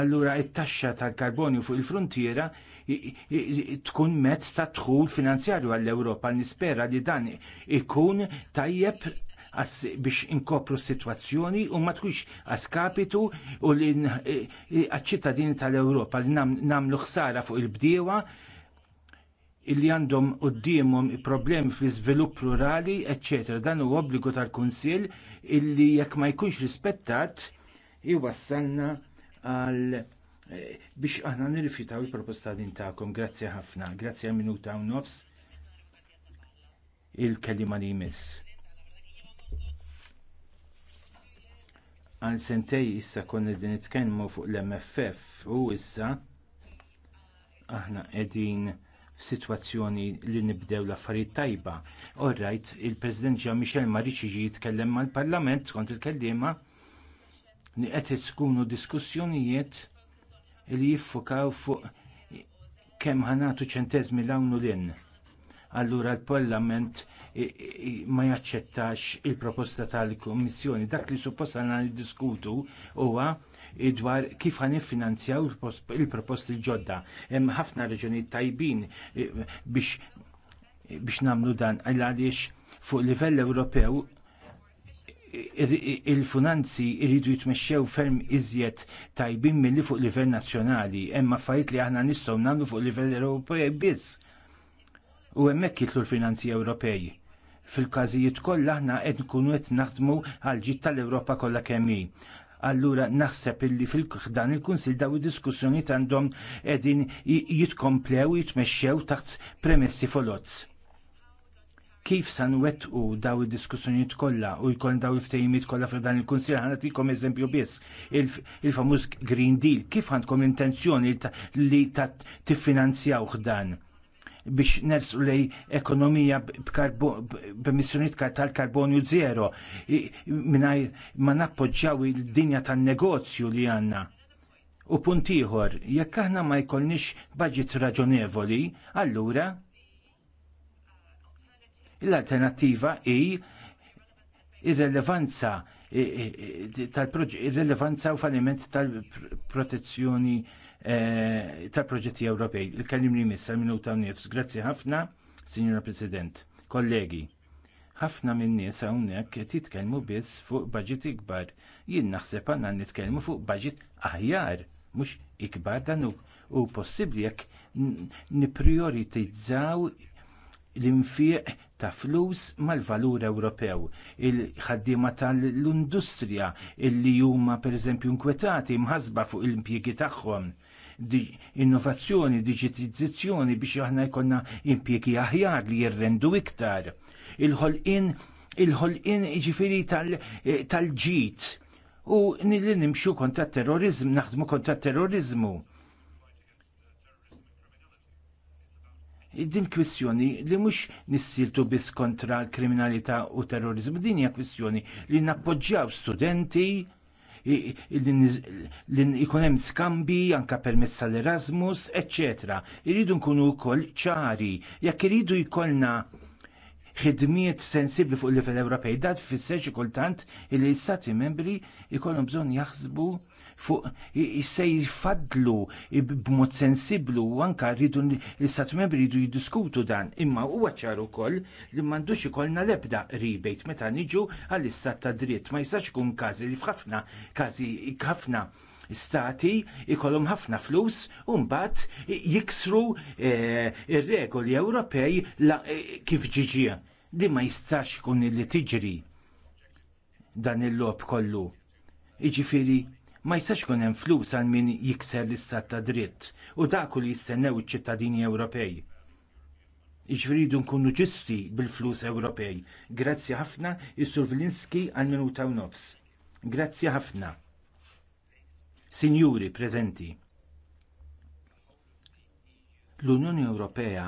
allura it-taxxa tal-karbonju fuq il-frontiera tkun mezz ta' tħul finanzjarju għall-Ewropa. Nispera li dan ikun tajjeb biex inkopru s-sitwazzjoni u ma tkunx għaskapitu u li għacċittadini tal-Ewropa li namlu ħsara fuq il-bdiewa illi għandhom qoddimhom problemi fl-iżvilupp rurali, eccetera. Dan huwa obbligu tal-Kunsill illi jekk ma jkunx rispettat, iwassalna għal eh, biex aħna nirrifjutaw il-proposta din tagħkom. Grazzi ħafna, grazzi għal minuta u nofs il-kelima li jmiss. Għal sentej issa konna din nitkellmu fuq l-MFF u issa aħna qegħdin f'sitwazzjoni li nibdew l-affarijiet tajba. right, il-President Jean Michel Marici ġi jitkellem mal-Parlament kont il-kellima li qed tkunu diskussjonijiet li jiffokaw fuq kemm ħanatu ċentezmi l u l-in. Allura l-Parlament ma jaċċettax il-proposta tal-Kommissjoni. Dak li suppost għanna diskutu huwa dwar kif għan finanzjaw il-proposti ġodda Hemm ħafna reġuni tajbin eh, biex biex namlu dan għaliex fuq livell Ewropew il funanzi irridu jitmexxew ferm iżjed tajbin milli fuq livell nazzjonali, emma fajt li aħna nistgħu nagħmlu fuq livell Ewropej biss. U hemmhekk jitlu l-finanzi Ewropej. Fil-każijiet kollha aħna qed nkunu qed naħdmu għal ġid tal-Ewropa kollha kemm hi. Allura naħseb illi fil kħdan il-Kunsil daw id-diskussjoni għandhom qegħdin jitkomplew jitmexxew taħt premessi folozz kif san nwettqu daw id-diskussjonijiet kollha u jkun daw il-ftehimiet kollha f'dan dan il-Kunsill ħanatikom eżempju biss il-famuż Green Deal kif għandkom intenzjoni li ta' tiffinanzjaw dan biex nersu lej ekonomija b'emissjoniet tal-karbonju zero minnaj ma nappoġġaw il-dinja tan-negozju li għanna. U puntiħor, jekk aħna ma jkollniex budget raġonevoli, allura L-alternativa hi irrelevanza relevanza tal-relevanza u falliment tal-protezzjoni eh, tal-proġetti Ewropej. Il-kalim li missa minuta nifs. Grazzi ħafna, Signora President, kollegi. Ħafna minn nies hawnhekk qed jitkellmu biss fuq baġit ikbar. Jien naħseb għandna nitkellmu fuq baġit aħjar, mhux ikbar dan u possibbli jekk nipprioritizzaw l-infieq ta' flus mal-valur Ewropew, il-ħaddiema tal-industrija illi huma pereżempju nkwetati mħasba fuq il-impjiegi tagħhom. Di innovazzjoni, digitizzazzjoni biex aħna jkollna impjiegi aħjar li jirrendu iktar. il ħolqien il ħolqien ġifiri tal-ġit. u nilli nimxu kontra terrorizmu, naħdmu kontra terrorizmu. din kwistjoni li mhux nissiltu biss kontra l-kriminalità u terrorizmu, din hija kwistjoni li nappoġġjaw studenti li jkun hemm skambi anke permezz tal-Erasmus, eċċetera. Iridu nkunu wkoll ċari, jekk iridu jkollna ħidmiet sensibbli fuq il-livell Ewropej. Dat fisser xi kultant li l-istati membri jkollhom bżonn jaħsbu fuq se jfadlu b'mod sensiblu u anka rridu l-istati membri jridu jiddiskutu dan. Imma huwa ċar ukoll li m'għandux ikollna l-ebda rebate meta niġu għall-istat ta' dritt. Ma jistax ikun każi li f'ħafna każi ħafna stati jkollhom ħafna flus u mbagħad jiksru eh, ir-regoli Ewropej eh, kif ġiġi. Di ma jistax kun li tiġri dan il-lob kollu. Iġifiri, ma jistax kun hemm flus għal min jikser l-istat ta' dritt u dak li jistennew iċ-ċittadini Ewropej iġviridu nkunu ġusti bil-flus Ewropej. Grazzi ħafna, Jissur Vilinski għal minuta u nofs. Grazzi ħafna sinjuri preżenti. L-Unjoni Ewropea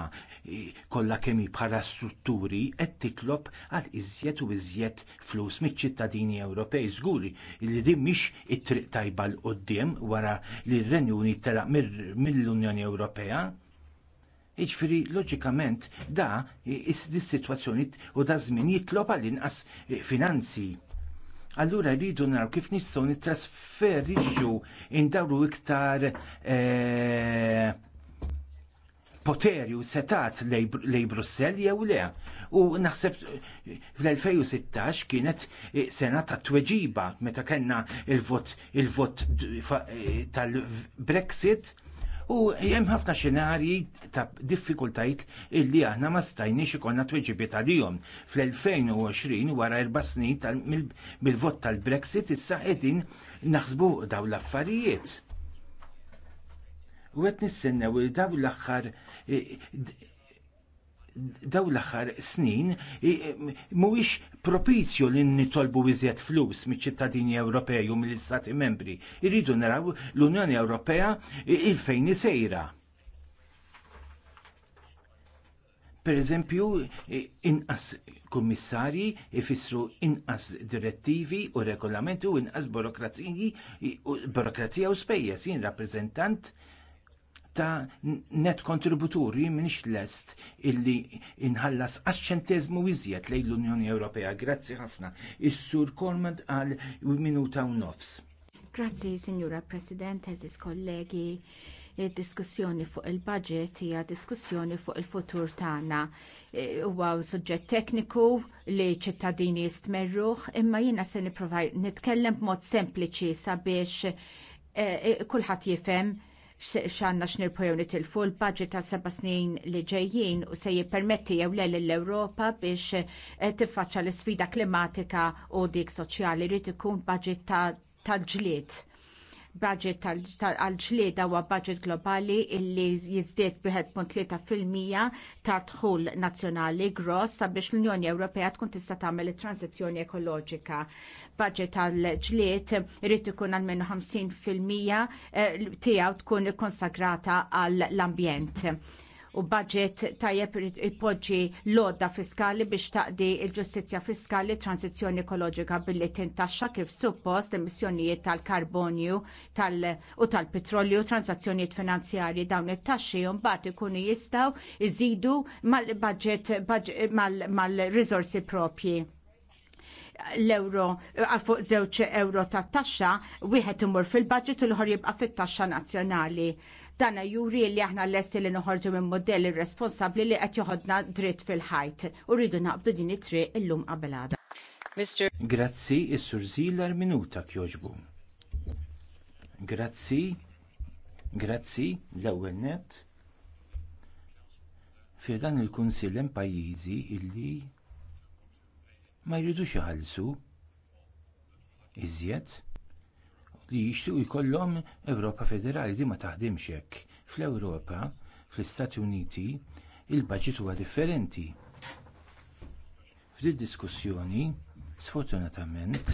kollha kemm bħala strutturi qed titlob għal iżjed u iżjed flus miċ-ċittadini Ewropej żguri li din mhix it-triq tajba l qudiem wara li r-Renju telaq mill-Unjoni Ewropea. Iġfiri, loġikament, da is-situazzjoni u da żmien jitlob għal inqas finanzi allura rridu naraw kif nistgħu nittrasferixxu indawru iktar eh, poteri u setat lej Brussell jew le. U naħseb fl-2016 kienet eh, sena ta' tweġiba meta kellna il-vot il-vot eh, tal-Brexit U hemm ħafna xenarji ta' diffikultajt illi aħna ma stajniex ikonna tweġibi tal-jom. Fl-2020 wara erba' snin mill-vot tal-Brexit issa qegħdin naħsbu daw l-affarijiet. U għet nistennew daw l-axħar eh, daw l-axar snin mhuwiex propizju li nitolbu iżjed flus miċ-ċittadini Ewropej u mill-Istati membri. Irridu naraw l-Unjoni Ewropea il-fejn isejra. Per eżempju, inqas kummissarji ifissru inqas direttivi u regolamenti u inqas burokrazija u spejjeż jien rappreżentant ta' net kontributuri jien minix lest illi inħallas għasċentezmu iżjed lejn l-Unjoni Ewropea. Grazzi ħafna. Is-Sur Kormand għal minuta u nofs. Grazzi, Signora President, eżis kollegi diskussjoni fuq il-budget hija diskussjoni fuq il-futur tagħna. E, huwa suġġett tekniku li ċittadini jistmerruh, imma jiena se nipprova nitkellem b'mod sempliċi sabiex e, e, kulħadd jifhem xanna xnirpojew nitilfu l-budget ta' seba snin li ġejjin u se jippermetti jew l l-Europa biex eh, tiffaċċa l-sfida klimatika u dik soċjali rrid ikun budget ta' tal-ġlied budget tal-ġlieda huwa budget globali illi jizdiet punt li ta' dħul nazzjonali gross sabiex l-Unjoni Ewropea tkun tista' tagħmel it-tranzizzjoni ekoloġika. Budget tal-ġlied irid ikun għalmenu eh, 50% tiegħu tkun ikkonsagrata għall-ambjent u budget tajjeb ipoġġi lodda fiskali biex taqdi il-ġustizja fiskali transizjoni ekoloġika billi tintaxxa kif suppost emissjonijiet tal-karbonju tal u tal-petrolju transazzjonijiet finanzjarji dawn it-taxxi u mbagħad ikunu jistgħu iżidu mal-budget mal-riżorsi propji l-euro għal fuq żewġ euro ta' taxxa wieħed imur fil-budget u l-ħor jibqa' fit-taxxa nazzjonali. Dana juri li aħna l-esti li noħorġu minn modell responsabli li qed joħodna dritt fil-ħajt. U rridu naqbdu din it-triq illum qabelada. Mr. Grazzi, is-sur minuta kjoġbu. Grazzi, grazzi, l-ewwel net. Fi dan il-kunsill hemm pajjiżi illi ma jridux iħallsu iżjed li jixtiequ jkollhom Ewropa Federali li ma taħdimx hekk. Fl-Ewropa, fl-Istati Uniti, il baġit huwa differenti. F'din diskussjoni, sfortunatament,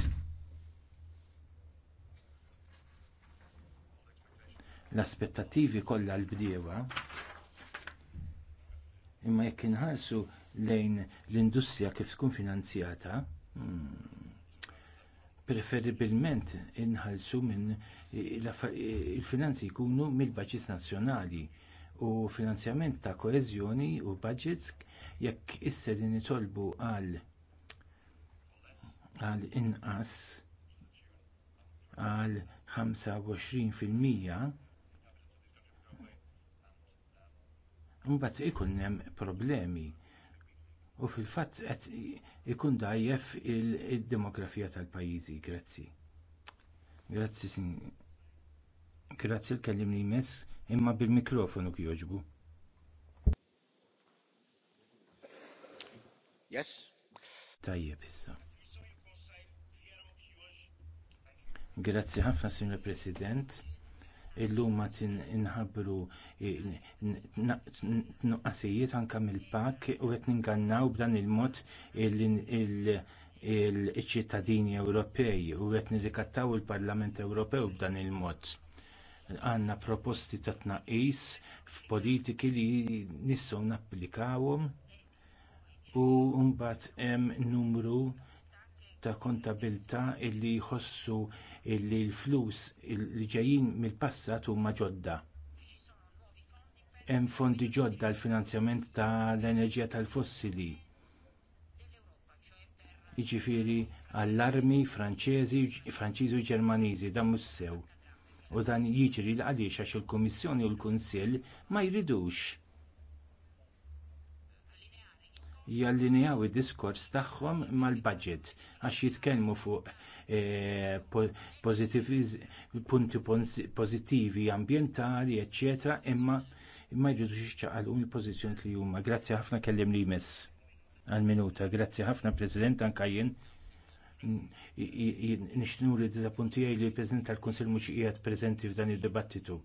l-aspettattivi kollha l-bdiewa imma jekk inħarsu lejn l-industrija kif tkun finanzjata, hmm, preferibilment inħallsu minn il-finanzi jkunu mill-budgets nazzjonali u finanzjament ta' koeżjoni u budgets jekk isser li nitolbu għal għal inqas għal 25% Mbagħad ikun hemm problemi u fil-fatt qed ikun dajjef id-demografija tal-pajjiżi. Grazzi. Grazzi sin. Grazzi l-kellim li jmiss imma bil-mikrofonu kjoġbu. Yes? Tajjeb issa. Grazzi ħafna, Signor President illum ma inħabbru nuqqasijiet anke mill-pak u qed ningannaw b'dan il-mod il-ċittadini Ewropej u qed nirrikattaw il-Parlament Ewropew b'dan il-mod. Għandna proposti ta' tnaqqis f'politiki li nistgħu napplikawhom u mbagħad hemm numru ta' kontabilta li jħossu illi l-flus li ġejjin mill-passat huma ġodda. Hemm fondi ġodda l-finanzjament tal-enerġija tal-fossili. Jiġifieri għall-armi Franċiżi u Ġermaniżi dan mhux sew. U dan jiġri għaliex għax il-Kummissjoni u l-Kunsill ma jridux jallinjaw id-diskors tagħhom mal-budget għax jitkellmu fuq E, punti pożittivi ambjentali, eċċetera, imma imma jridu xċaqalqu il pozizjoni li huma. Grazzi ħafna kellim li jmess għal-minuta. Grazzi ħafna, President, anka jien nixtnu li għaj li l-President tal-Konsil muċiqijat prezenti preżenti f'dan id-dibattitu.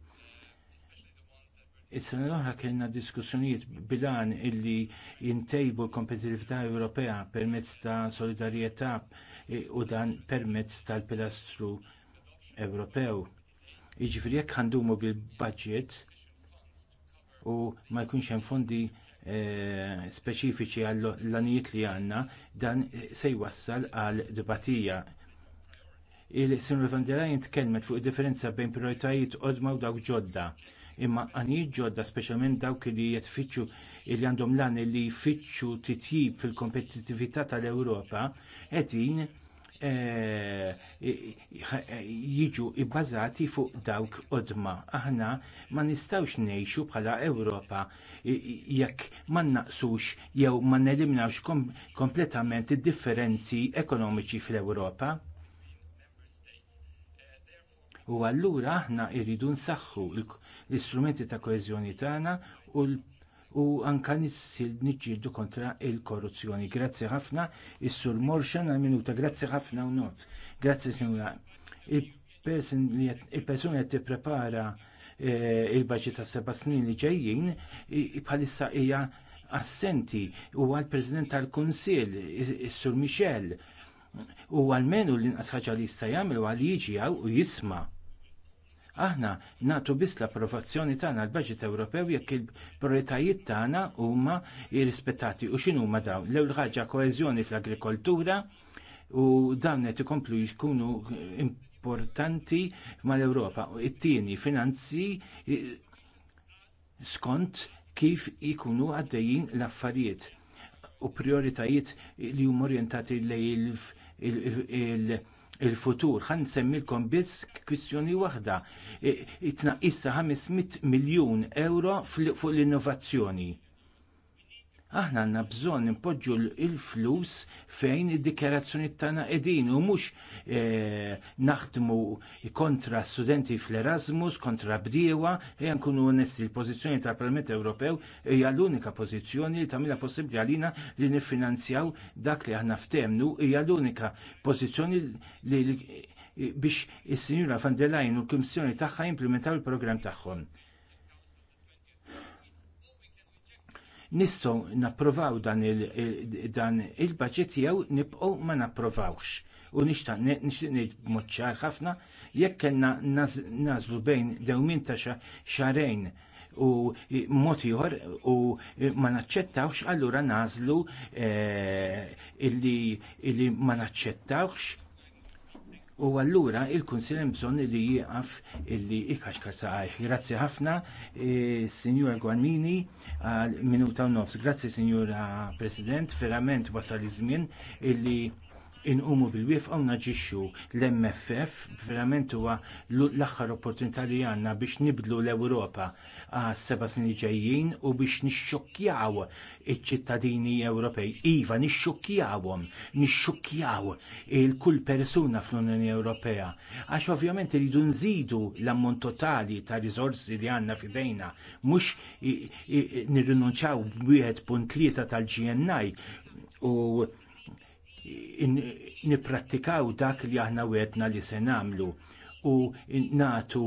Is-sena l-oħra kellna diskussjonijiet bilan illi jintejbu l-kompetitività Ewropea permezz ta' solidarjetà u dan permezz tal-pilastru Ewropew. Jiġifieri jekk għandumu bil-budget u ma jkunx hemm fondi eh, speċifiċi għall-lanijiet li għandna, dan se jwassal għal dibatija. Il-Sinur Van der Leyen tkellmet fuq id differenza bejn prioritajiet qodma u dawk ġodda imma għanijiet ġodda speċjalment dawk li jetfittxu li għandhom lan li jfittxu titjib fil-kompetitività tal-Ewropa qegħdin eh, jiġu ibbażati fuq dawk odma. Aħna ma nistawx ngħixu bħala Ewropa jekk ma naqsux jew ma neliminawx kompletament id-differenzi ekonomiċi fl-Ewropa U allura aħna jridu nsaħħu l-istrumenti ta' koeżjoni tagħna u u anka niġġieldu kontra l korruzzjoni Grazzi ħafna, is-sur Morxan għal minuta, grazzi ħafna u nofs. Grazzi signora. Il-persuna qed tipprepara eh, il-baġi ta' seba' snin li ġejjin bħalissa hija assenti u għall president tal-Kunsill, is-sur Michel, u għal menu l-inqas ħaġa li jista' jagħmel u għal jiġi u jisma' Aħna nagħtu biss l-approvazzjoni tagħna l-Baġit Ewropew jekk il-prioritajiet tagħna huma jirrispettati u x'inhu huma dawn. L-ewwel ħaġa koeżjoni fl-agrikoltura u dawn qed ikomplu jkunu importanti mal-Ewropa. It-tieni finanzi skont kif ikunu għaddejjin l-affarijiet u prioritajiet li huma orjentati lejn il- il-futur. ħa semmilkom biss kwistjoni waħda. issa 500 miljun euro fuq l-innovazzjoni aħna għanna bżon nipoġġu l flus fejn id-dikjarazzjoni tagħna qegħdin u mhux e, naħdmu kontra studenti fl-Erasmus, kontra bdiewa, ejja nkunu onesti l-pożizzjoni tal-Parlament Ewropew hija l-unika pożizzjoni li tagħmilha possibbli għalina li niffinanzjaw dak li aħna ftemnu hija l-unika pożizzjoni li biex is-Sinjura van der Leyen u l-Kummissjoni tagħha jimplementaw il-programm tagħhom. nistgħu napprovaw dan il-budget jew nibqgħu ma napprovawx. U nixtaq nixtieq ngħid b'mod ċar ħafna jekk kellna nażlu bejn dewmin ta' xarejn u mod ieħor u ma naċċettawx allura nażlu eh, illi ma naċċettawx U allura il-Kunsil hemm bżonn li jieqaf illi ikaxkar saqajh. Grazzi ħafna, e, Signora Gwanmini, minuta u nofs. Grazzi Signora President, verament wasal iż-żmien illi inqumu bil-wifqa u naġixxu l-MFF verament huwa l-aħħar opportunità li għandna biex nibdlu l-Ewropa għas seba' snin ġejjin u biex nixxokkjaw iċ-ċittadini Ewropej. Iva, nixxokkjawhom, nixxokkjaw il-kull persuna fl-Unjoni Ewropea. Għax ovvjament iridu nżidu l-ammont totali ta' riżorsi li għandna fidejna, mhux nirrinunċaw 1.3 tal-GNI u niprattikaw dak li aħna wedna li se nagħmlu u natu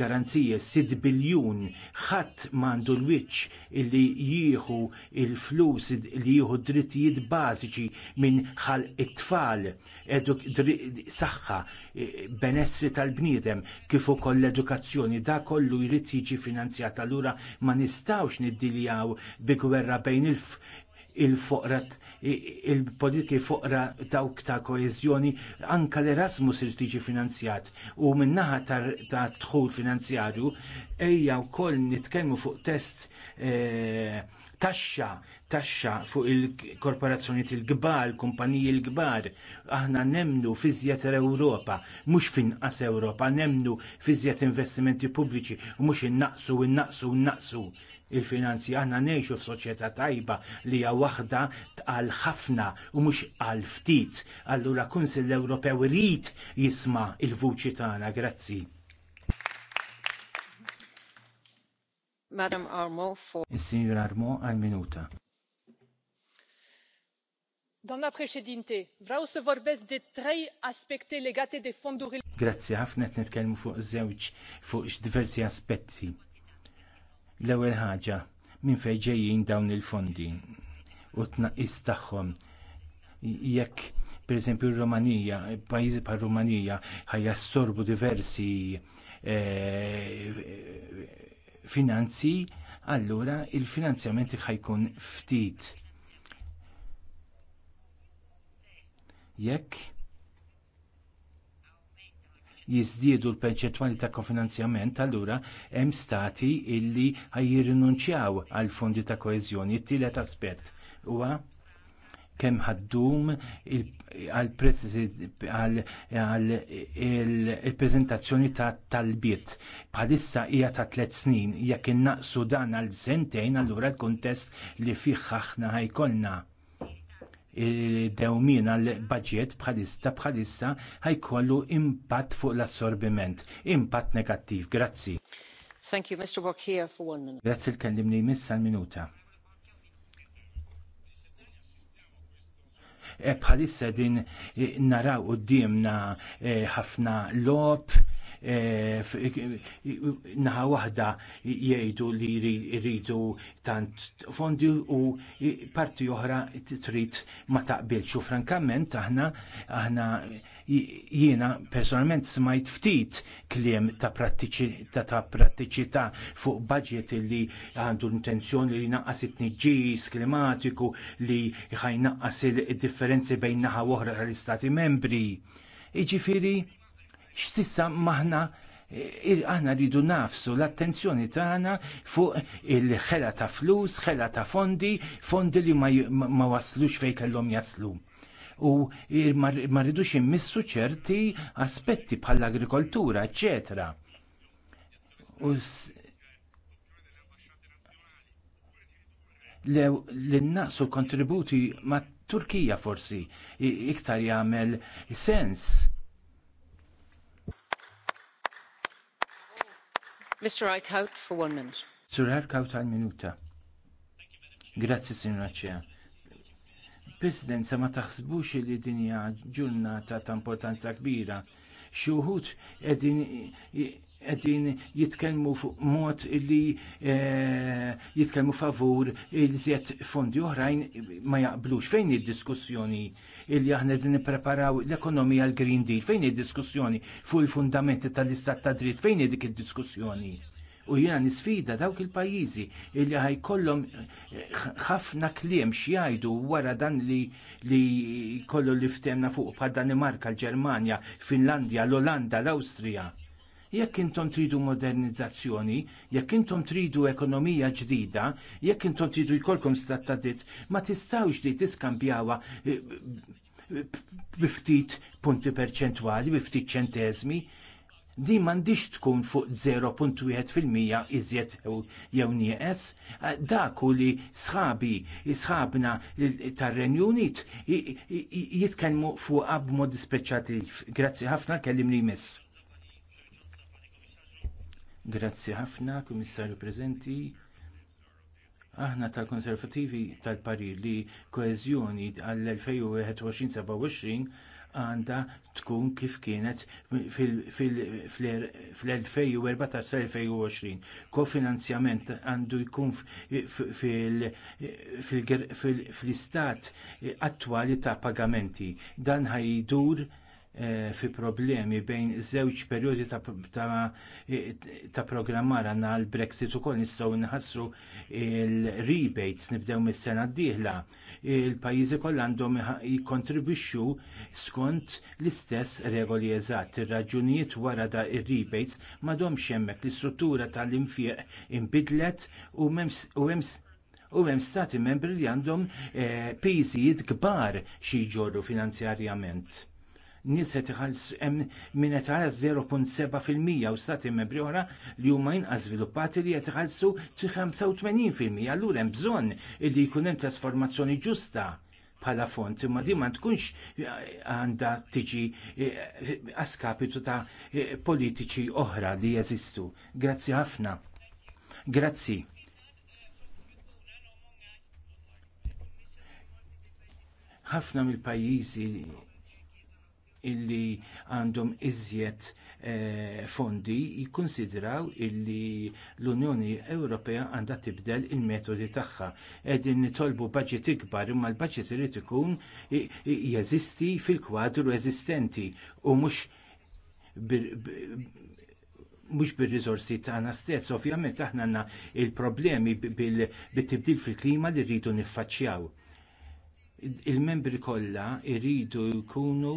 garanzije 6 biljun ħadd m'għandu l-wiċċ li jieħu l flus li jieħu drittijiet bażiċi minn ħal it-tfal, saħħa, e, benessri tal-bniedem kif ukoll l-edukazzjoni da kollu jrid jiġi finanzjat allura ma nistgħux niddiljaw bi gwerra bejn il-foqrat il-politiki fuqra dawk ta' koezjoni anka l-Erasmus irid tiġi finanzjat u minnaħa ta' dħul finanzjarju ejja wkoll nitkellmu fuq test eh, taxxa, taxxa fuq il-korporazzjonijiet il-kbar, kumpaniji il-kbar. Aħna nemnu fiżjed Ewropa, mhux finqas Ewropa, nemnu fiżjed investimenti pubbliċi u mhux innaqsu, innaqsu, innaqsu il-finanzi aħna ngħixu f'soċjetà tajba li hija waħda għal ħafna u mhux għal ftit. Allura Kunsill Ewropew rrit jisma' il-vuċi tagħna. Grazzi. Madam Armo for... Signor Armo, al minuta. Doamna președinte, vreau să vorbesc de trei aspecte legate de fondurile... Grazie, ħafna qed nitkellmu fuq żewġ fuq diversi aspetti. L-ewwel ħaġa, minn fejn ġejjin dawn il-fondi u tnaqqis tagħhom jekk pereżempju r-Rumanija, pajjiżi bħal Rumanija ħajassorbu diversi e, finanzi, allura il-finanzjament ħajkun ftit. Jekk jiżdiedu l-perċentwali ta' kofinanzjament, allura hemm stati illi ħajjirrinunċjaw għal fondi ta' koeżjoni. It-tielet aspett huwa kemm ħaddum għal-prezentazzjoni ta' talbiet. Bħalissa hija ta' tliet snin, jekk innaqsu dan għal sentejn allura l-kuntest li fih aħna ħajkolna dewmin għal budget bħalista bħalissa ħajkollu impatt fuq l-assorbiment, impatt negattiv. Grazzi. Thank you, Mr. Borkia, for one minute. Grazzi l-kellimni missa l-minuta. E bħalissa din naraw u eh, ħafna lob Eh, naħa waħda jgħidu li jridu tant fondi u parti oħra trid ma taqbilx u frankament aħna aħna jiena personalment smajt ftit kliem ta' prattiċità ta' prattiċità fuq budget li għandu l-intenzjoni li naqqas it-tniġġis klimatiku li ħajnaqqas il-differenzi bejn naħa oħra tal-istati membri. Iġifiri, x'sissa maħna eh, aħna rridu nafsu l-attenzjoni tagħna fuq il-ħela ta' flus, ħela ta' fondi, fondi li ma, waslux fejn kellhom jaslu. U ma rridux immissu ċerti aspetti bħall-agrikoltura, eċetera. L-naqsu kontributi ma' Turkija forsi iktar jagħmel sens Mr. Eichhout for one minute. Sur Eichhout għal minuta. Grazzi, Sinra Ċea. Presidenza ma taħsbux li dinja ġurnata ta' importanza kbira. Xi wħud qegħdin jitkellmu fuq mod li e, jitkellmu favur il-żiet fondi oħrajn ma jaqblux. Fejn id-diskussjoni illi aħna din nippreparaw l-ekonomija l green Deal. Fejn id-diskussjoni fuq il-fundamenti tal-istat ta' dritt? Fejn dik id-diskussjoni? U jiena nisfida dawk il-pajjiżi illi kollom eh, ħafna kliem xjajdu wara dan li li kollu li ftemna fuq bħal Danimarka, l-Ġermanja, Finlandja, l-Olanda, l-Awstrija jekk intom tridu modernizzazzjoni, jekk intom tridu ekonomija ġdida, jekk intom tridu jkollkom statadit, ma tistawx li tiskambjawa eh, biftit punti perċentwali, biftit ċentezmi, di mandiġ tkun fuq 0.1% iżjed jew nieqes, daku li sħabi, sħabna tar-Renju Unit jitkellmu fuq b'mod speċjattiv. Grazzi ħafna kellim li jmiss. Grazzi ħafna, Kummissarju Prezenti. Aħna tal-konservativi tal parir li koezjoni għall-2021-27 għanda tkun kif kienet fil-2014-2020. Kofinanzjament għandu jkun fil-istat attwali ta' pagamenti. Dan ħajdur Eh, fi problemi bejn żewġ perjodi ta', ta, ta programmar għanna l-Brexit ukoll nistgħu nħassru l rebates nibdew mis-sena d-dieħla. Il-pajjiżi kollha għandhom jikkontribwixxu skont l-istess regoli eżatt. Ir-raġunijiet wara da ir-rebates m'għadhomx hemmhekk l-istruttura tal-infieq inbidlet u hemm u hemm stati membri li għandhom eh, kbar xi jġorru finanzjarjament nies qed iħallsu hemm min qed 0.7% u stati membri oħra li huma inqas żviluppati li qed iħallsu xi 85%. Allura hemm bżonn li jkun hemm trasformazzjoni ġusta bħala font, imma di ma tkunx eh, għandha tiġi eh, askapitu ta' politiċi oħra li jeżistu. Grazzi ħafna. Grazzi. ħafna mill-pajjiżi illi għandhom iżjed eh, fondi jikkonsidraw illi l-Unjoni Ewropea għandha tibdel il-metodi tagħha. Qegħdin nitolbu budget ikbar imma l-budget irid ikun jeżisti fil-kwadru eżistenti u mhux mux bil-rizorsi tagħna stess, ovvjament aħna għandna il-problemi bil-tibdil fil-klima li rridu niffaċċjaw. Il-membri kollha jridu jkunu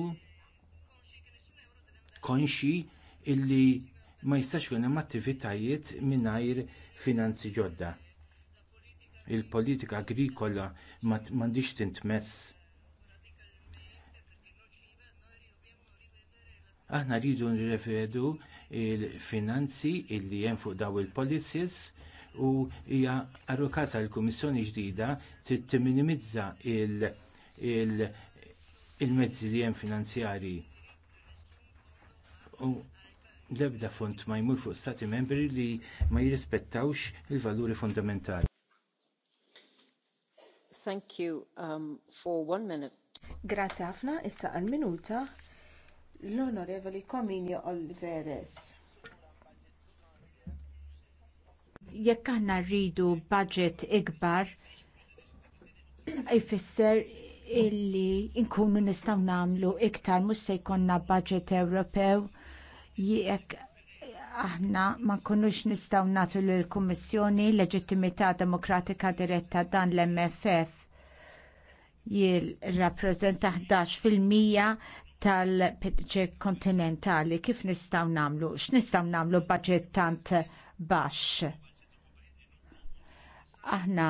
konxi illi ma jistax kun hemm attivitajiet mingħajr finanzi ġodda. Il-politika agrikola m'għandix tintmess. Aħna rridu nirrevedu il-finanzi illi hemm fuq daw il-policies u hija arrokata l-Kummissjoni ġdida tittiminimizza il-mezzi li hemm finanzjarji u l-ebda fond ma jmur fuq stati membri li ma jirrispettawx il-valuri fundamentali. Thank you um, for one minute. Grazie ħafna, issa għal-minuta l-Onorevoli Cominio Oliveres. Jekk aħna rridu budget ikbar, jfisser illi nkunu nistgħu nagħmlu iktar mhux se jkollna budget Ewropew jekk aħna ma nkunux nistgħu nagħtu lill kummissjoni leġittimità demokratika diretta dan l-MFF jirrappreżenta 11% tal-PDG kontinentali kif nistgħu nagħmlu, x'nistgħu nagħmlu budget tant baxx. Aħna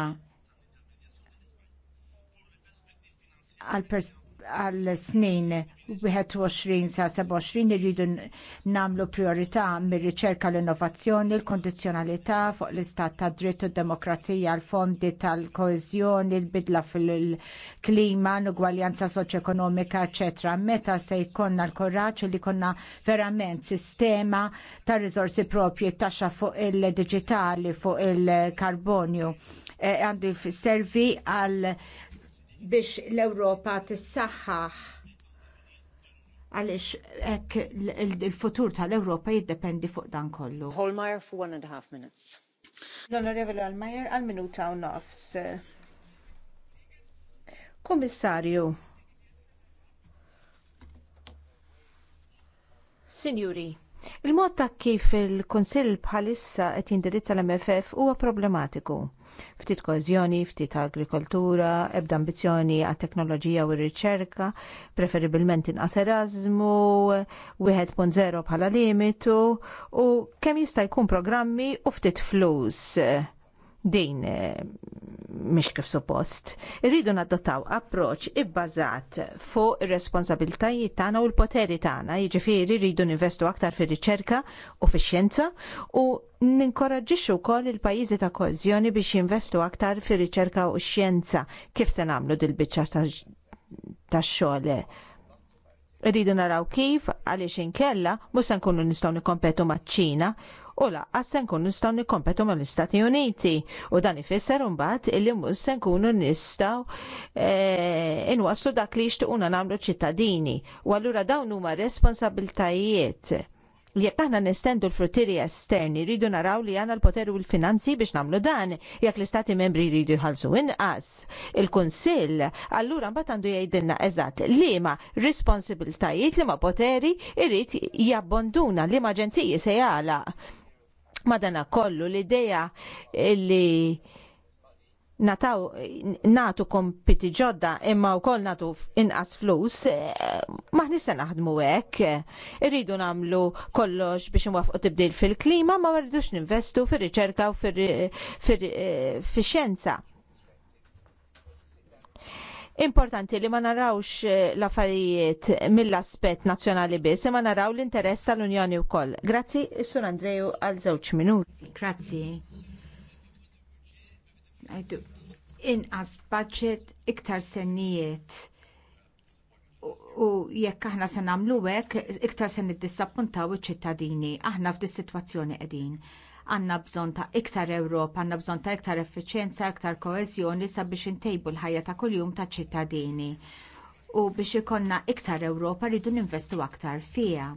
għal pers għal snin 21 sa 27 irridu namlu priorità mir riċerka l-innovazzjoni, l-kondizjonalità fuq l-istat ta' dritt u demokrazija l fondi tal-koezjoni, l-bidla fil-klima, l-ugwaljanza soċ-ekonomika, ecc. Meta se jkonna l-korraċ li konna verament sistema ta' rizorsi propri taxxa fuq il-digitali, fuq il-karbonju, e għandu servi għal biex l-Ewropa tissaħħaħ għalix ek il-futur tal-Ewropa jiddependi fuq dan kollu. Holmeyer for one and a half minutes. L-Onorevole Holmeyer għal minuta u nofs. Komissarju, Signori, Il-mod ta' kif il-Kunsill bħalissa qed jindirizza l-MFF huwa problematiku. Ftit koeżjoni, ftit agrikoltura, ebda ambizzjoni għat teknoloġija u r-riċerka, preferibilment inqas Erasmu, 1.0 bħala limitu u kemm jista' jkun programmi u ftit flus din eh, mhix kif suppost. Irridu nadottaw approċ ibbażat fuq ir-responsabiltajiet tagħna u l-poteri tagħna, jiġifieri rridu ninvestu aktar fir-riċerka u fix-xjenza u ninkoraġġixxu wkoll il-pajjiżi ta' koeżjoni biex jinvestu aktar fir-riċerka u x-xjenza kif se nagħmlu dil-biċċa tax-xogħol. Rridu naraw kif għaliex inkella mhux se nkunu nistgħu nikkompetu maċ-Ċina u laqqas se nkunu nistgħu nikkompetu mal-Istati Uniti u dan ifisser imbagħad illi mhux se nkunu nistgħu eh, inwaslu dak li jixtiequna nagħmlu ċittadini u allura dawn huma responsabiltajiet jekk aħna nestendu l fruttieri esterni rridu naraw li għandna l-poter u l-finanzi biex nagħmlu dan, jekk l-istati membri jridu jħallsu inqas il-Kunsill, allura mbagħad għandu jgħidilna eżatt liema responsibiltajiet ma poteri jrid jabbonduna liema aġenziji se jagħlaq Madana kollu l-ideja li nataw natu kompiti ġodda imma u koll natu inqas flus, eh, ma nista naħdmu hekk. Irridu namlu kollox biex nwafqu tibdil fil-klima, ma rridux ninvestu fir-riċerka u fil-xjenza. Eh, Importanti li ma narawx eh, l-affarijiet mill-aspett nazzjonali biss, ma naraw l-interess tal-Unjoni wkoll. Grazzi, Sur Andreju, għal żewġ minuti. Grazzi. Inqas budget iktar sennijiet u jekk aħna se nagħmlu hekk iktar se niddisappuntaw iċ-ċittadini aħna f'dis sitwazzjoni qegħdin. Għandna bżonn ta' iktar Ewropa, għandna bżonn ta' iktar effiċjenza, iktar koeżjoni sabiex intejbu l-ħajja ta' kuljum taċ ċittadini. U biex ikollna iktar Ewropa rridu ninvestu aktar fiha.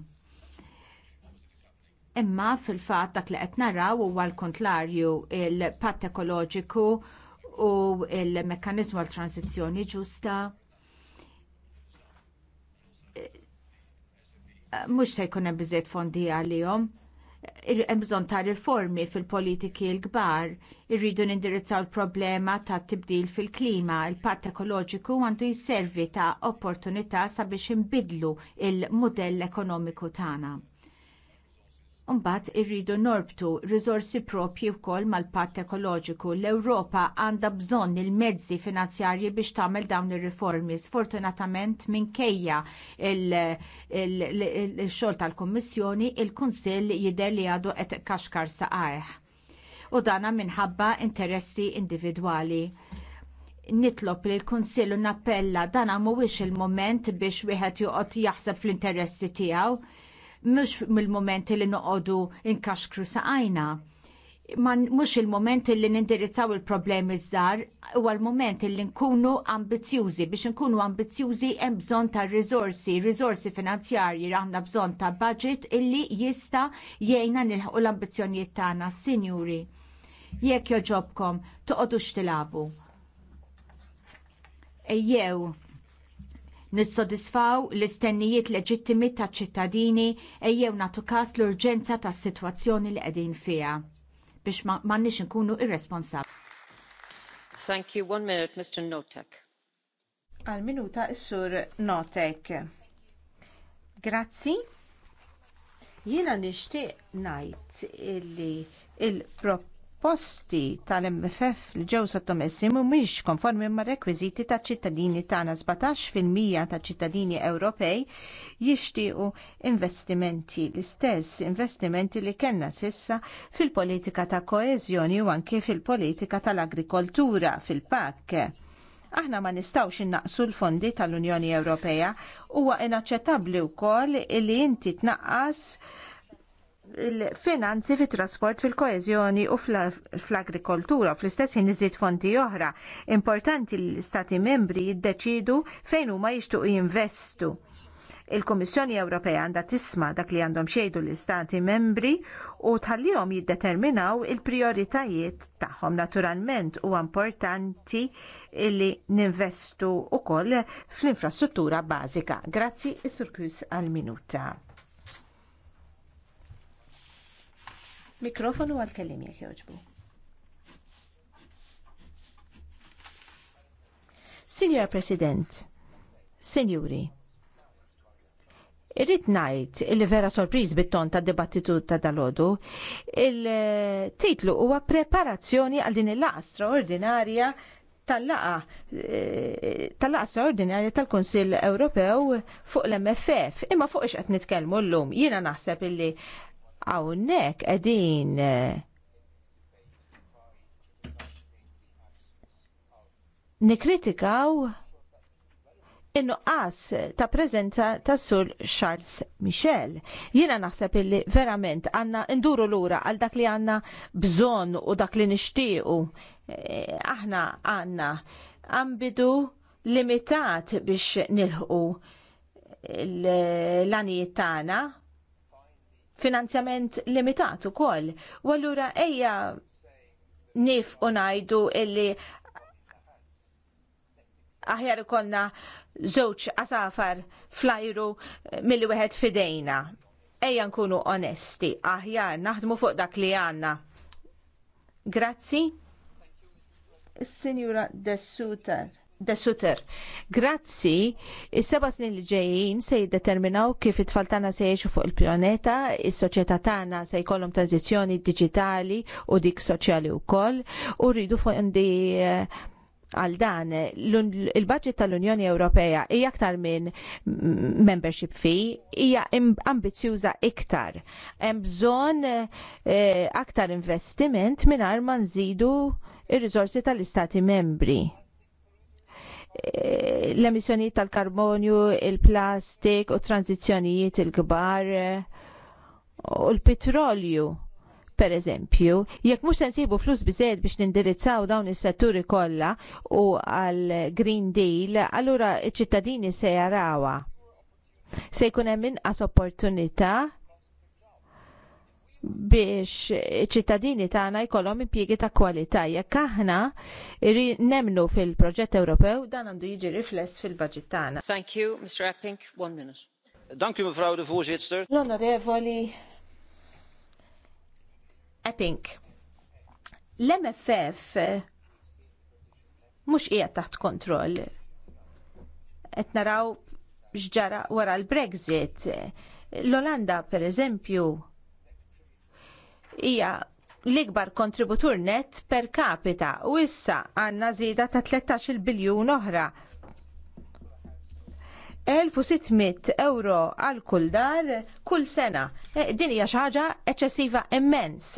Imma fil-fatt dak li qed naraw huwa l-kontlarju il-patt ekoloġiku u l mekkaniżmu għal transizzjoni ġusta. Eh, mhux se jkun hemm biżejjed fondi għalihom hemm bżonn ta' riformi fil-politiki l-kbar, irridu nindirizzaw il-problema ta' tibdil fil-klima, il-patt ekoloġiku għandu jisservi ta' opportunità sabiex inbidlu il-modell ekonomiku tagħna. Umbat irridu norbtu riżorsi propji wkoll mal-patt ekoloġiku. L-Ewropa għandha bżonn il-mezzi finanzjarji biex tagħmel dawn ir-riformi. Sfortunatament minkejja il-xogħol tal-Kummissjoni, il-Kunsill jidher li għadu qed kaxkar saqajh. U dana minħabba interessi individwali nitlob li l-Kunsill u nappella dan mhuwiex il mument biex wieħed joqgħod jaħseb fl-interessi tiegħu mhux mill moment li noqogħdu inkaxkru saqajna. Man mhux il-moment li nindirizzaw il-problemi żgħar, huwa l-moment li nkunu ambizjużi biex nkunu ambizjużi hemm bżonn ta' rizorsi, rizorsi finanzjarji għandna bżonn ta' budget illi jista' jgħinna nilħu l-ambizzjonijiet tagħna, sinjuri. Jekk joġobkom, toqgħodux tilabu. Ejjew, nissodisfaw l-istennijiet leġittimi taċ ċittadini ejjew nagħtu każ l-urġenza tas-sitwazzjoni li qegħdin fiha biex m'għandniex nkunu irresponsabbli. Thank you. One minute, Mr. Notek. Għal minuta is-sur Notek. Grazzi. Jiena nixtieq ngħid illi il-prop Il-posti tal-MFF li ġew sottomessi mhumiex konformi mar rekwiżiti taċ ċittadini tagħna 17% taċ ċittadini Ewropej jixtiequ investimenti l-istess investimenti li kellna sissa fil-politika ta' koeżjoni u anke fil-politika tal-agrikoltura fil pak Aħna ma nistawx innaqsu l-fondi tal-Unjoni Ewropea huwa inaċċettabbli wkoll li inti tnaqqas il-finanzi fit trasport fil-koezjoni u fl-agrikoltura fl-istess ħin iżid fondi oħra. Importanti li l-Stati membri jiddeċidu fejn huma jixtuqu jinvestu. Il-Kummissjoni Ewropea għandha tisma' dak li għandhom xejdu l-Istati membri u tħallihom jiddeterminaw il-prioritajiet tagħhom naturalment u importanti li ninvestu wkoll fl-infrastruttura bażika. Grazzi, Sur Kus għal-minuta. Mikrofonu għal-kellim jek joġbu. Signor President, Signori, Irrit najt il-vera sorpriż bit-ton ta' dibattitu ta' dalodu, il-titlu huwa preparazzjoni għal din il-laqa straordinarja tal-laqa eh, tal-laqa straordinarja tal-Konsil Ewropew fuq l-MFF, imma fuq ix qed nitkellmu llum. Jiena naħseb illi hawnhekk edin eh, nikritikaw in-nuqqas ta' prezenta ta' sur Charles Michel. Jiena naħseb illi verament għandna l lura għal dak li għandna bżonn u dak li nixtiequ. Eh, aħna għandna ambidu limitat biex nilħqu l-għanijiet tagħna finanzjament limitat ukoll. U allura ejja nif u ngħidu illi aħjar ikollna żewġ asafar flajru milli wieħed fidejna. Ejja nkunu onesti, aħjar naħdmu fuq dak li għandna. Grazzi. Signora Dessuter. De Suter. Grazzi, is-seba' snin li ġejjin se jiddeterminaw kif it-tfal tagħna se jgħixu fuq il-pjaneta, is-soċjetà tagħna se jkollhom tranzizzjoni diġitali u dik soċjali wkoll u rridu fondi eh, għal dan il-budget tal-Unjoni Ewropea hija aktar minn membership fee, hija ambizjuża iktar. Hemm bżonn eh, aktar investiment mingħajr ma nżidu ir-riżorsi tal-istati membri l-emissjoni tal-karbonju, il-plastik u tranzizjonijiet il-kbar u l-petrolju per eżempju, jekk mhux se nsibu flus biżejjed biex nindirizzaw dawn is-setturi kollha u għal Green Deal, allura ċ-ċittadini se jarawha. Se jkun hemm inqas opportunità biex ċittadini tagħna jkollhom impjiegi ta' kwalità. Jekk aħna nemnu fil-proġett Ewropew dan għandu jiġi rifless fil-baġit tagħna. Thank you, Mr. Epping. One minute. Thank you, mevrouw de L-onorevoli Epping. L-MFF mhux qiegħed taħt kontroll. Qed naraw x'ġara wara l-Brexit. L-Olanda, pereżempju hija l-ikbar kontributur net per capita u issa għandna żieda ta' 13 biljun oħra. 1600 euro għal kull dar kull sena. E, din hija xi ħaġa eċċessiva immens,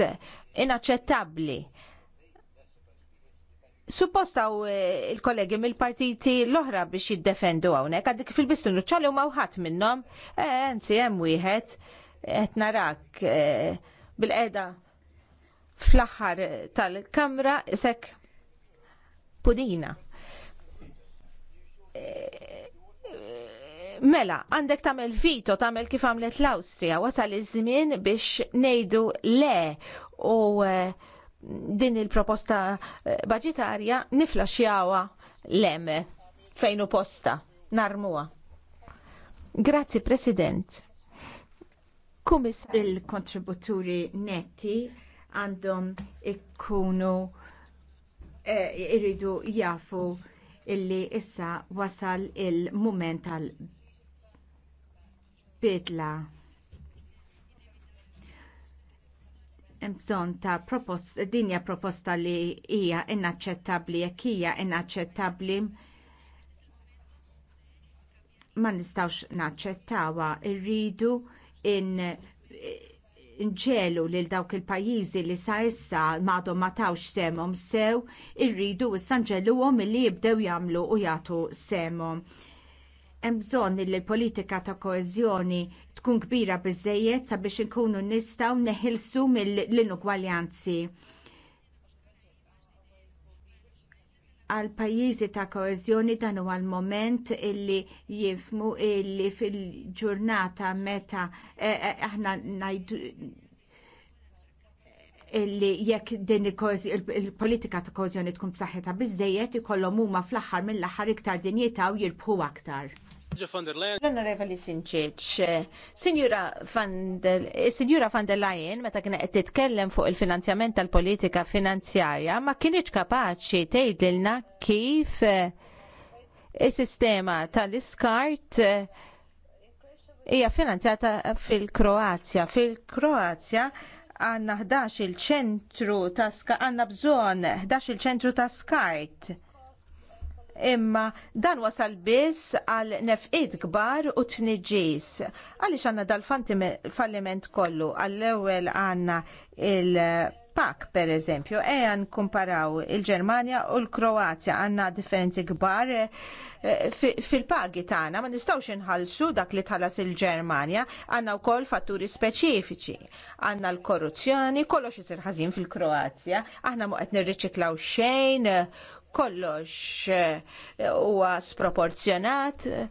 inaċċettabbli. Suppostaw e, il-kollegi mill-partiti l-oħra biex jiddefendu hawnhekk għaddik fil-bistunu ċallu minnhom, eh, enzi hemm wieħed, qed eh, bil-qeda fl-aħħar tal-kamra isek pudina. Eh, mela, għandek tamel vito, tamel kif għamlet l-Austria, wasal iż-żmien biex nejdu le u eh, din il-proposta eh, budgetarja niflaxjawa leme fejn u posta, narmuwa. Grazzi, President kumis Il-kontributuri netti għandhom ikkunu eh, irridu jafu illi issa wasal il-moment tal-bidla. bżonn ta' dinja proposta li hija inaċċettabbli jekk hija inaċċettabbli ma nistawx naċċettawha irridu in nġelu lil dawk il-pajjiżi li sa issa m'għadhom ma tawx semhom sew, irridu issa nġeluhom milli jibdew jagħmlu u jagħtu semhom. Hemm bżonn li l-politika ta' koeżjoni tkun kbira biżejjed sabiex inkunu nistgħu neħilsu mill-inugwaljanzi. għal pajjiżi ta' koeżjoni dan huwa l-moment illi jifmu illi fil-ġurnata meta eh, eh, aħna ngħidu illi jekk din il-politika ta' koeżjoni tkun b'saħħitha biżejjed ikollhom huma fl-aħħar mill-aħħar iktar dinjità u jirbħu aktar. L-Onorevoli Sinċiċ, eh, Signora van der Leyen, meta kien qed titkellem fuq il-finanzjament tal-politika finanzjarja, ma kienieċ kapaċi tgħidilna kif eh, is-sistema tal-iskart eh, hija finanzjata fil-Kroazja. Fil-Kroazja għandna 11 il-ċentru ta' għandna bżonn 11 il-ċentru ta' skart imma dan wasal biss għal nefqiet kbar u tniġis. Għaliex għandna dal-falliment kollu, għall-ewwel għandna il-pak per eżempju, e għan kumparaw il-Germania u l-Kroazja għandna differenzi kbar eh, fil-pagi tagħna ma nistgħux inħallsu dak li tħallas il-Ġermanja, għandna wkoll fatturi speċifiċi. Għanna l-korruzzjoni, kollox isir ħażin fil-Kroazja, aħna muqet nirriċiklaw xejn, kollox eh, huwa sproporzjonat eh,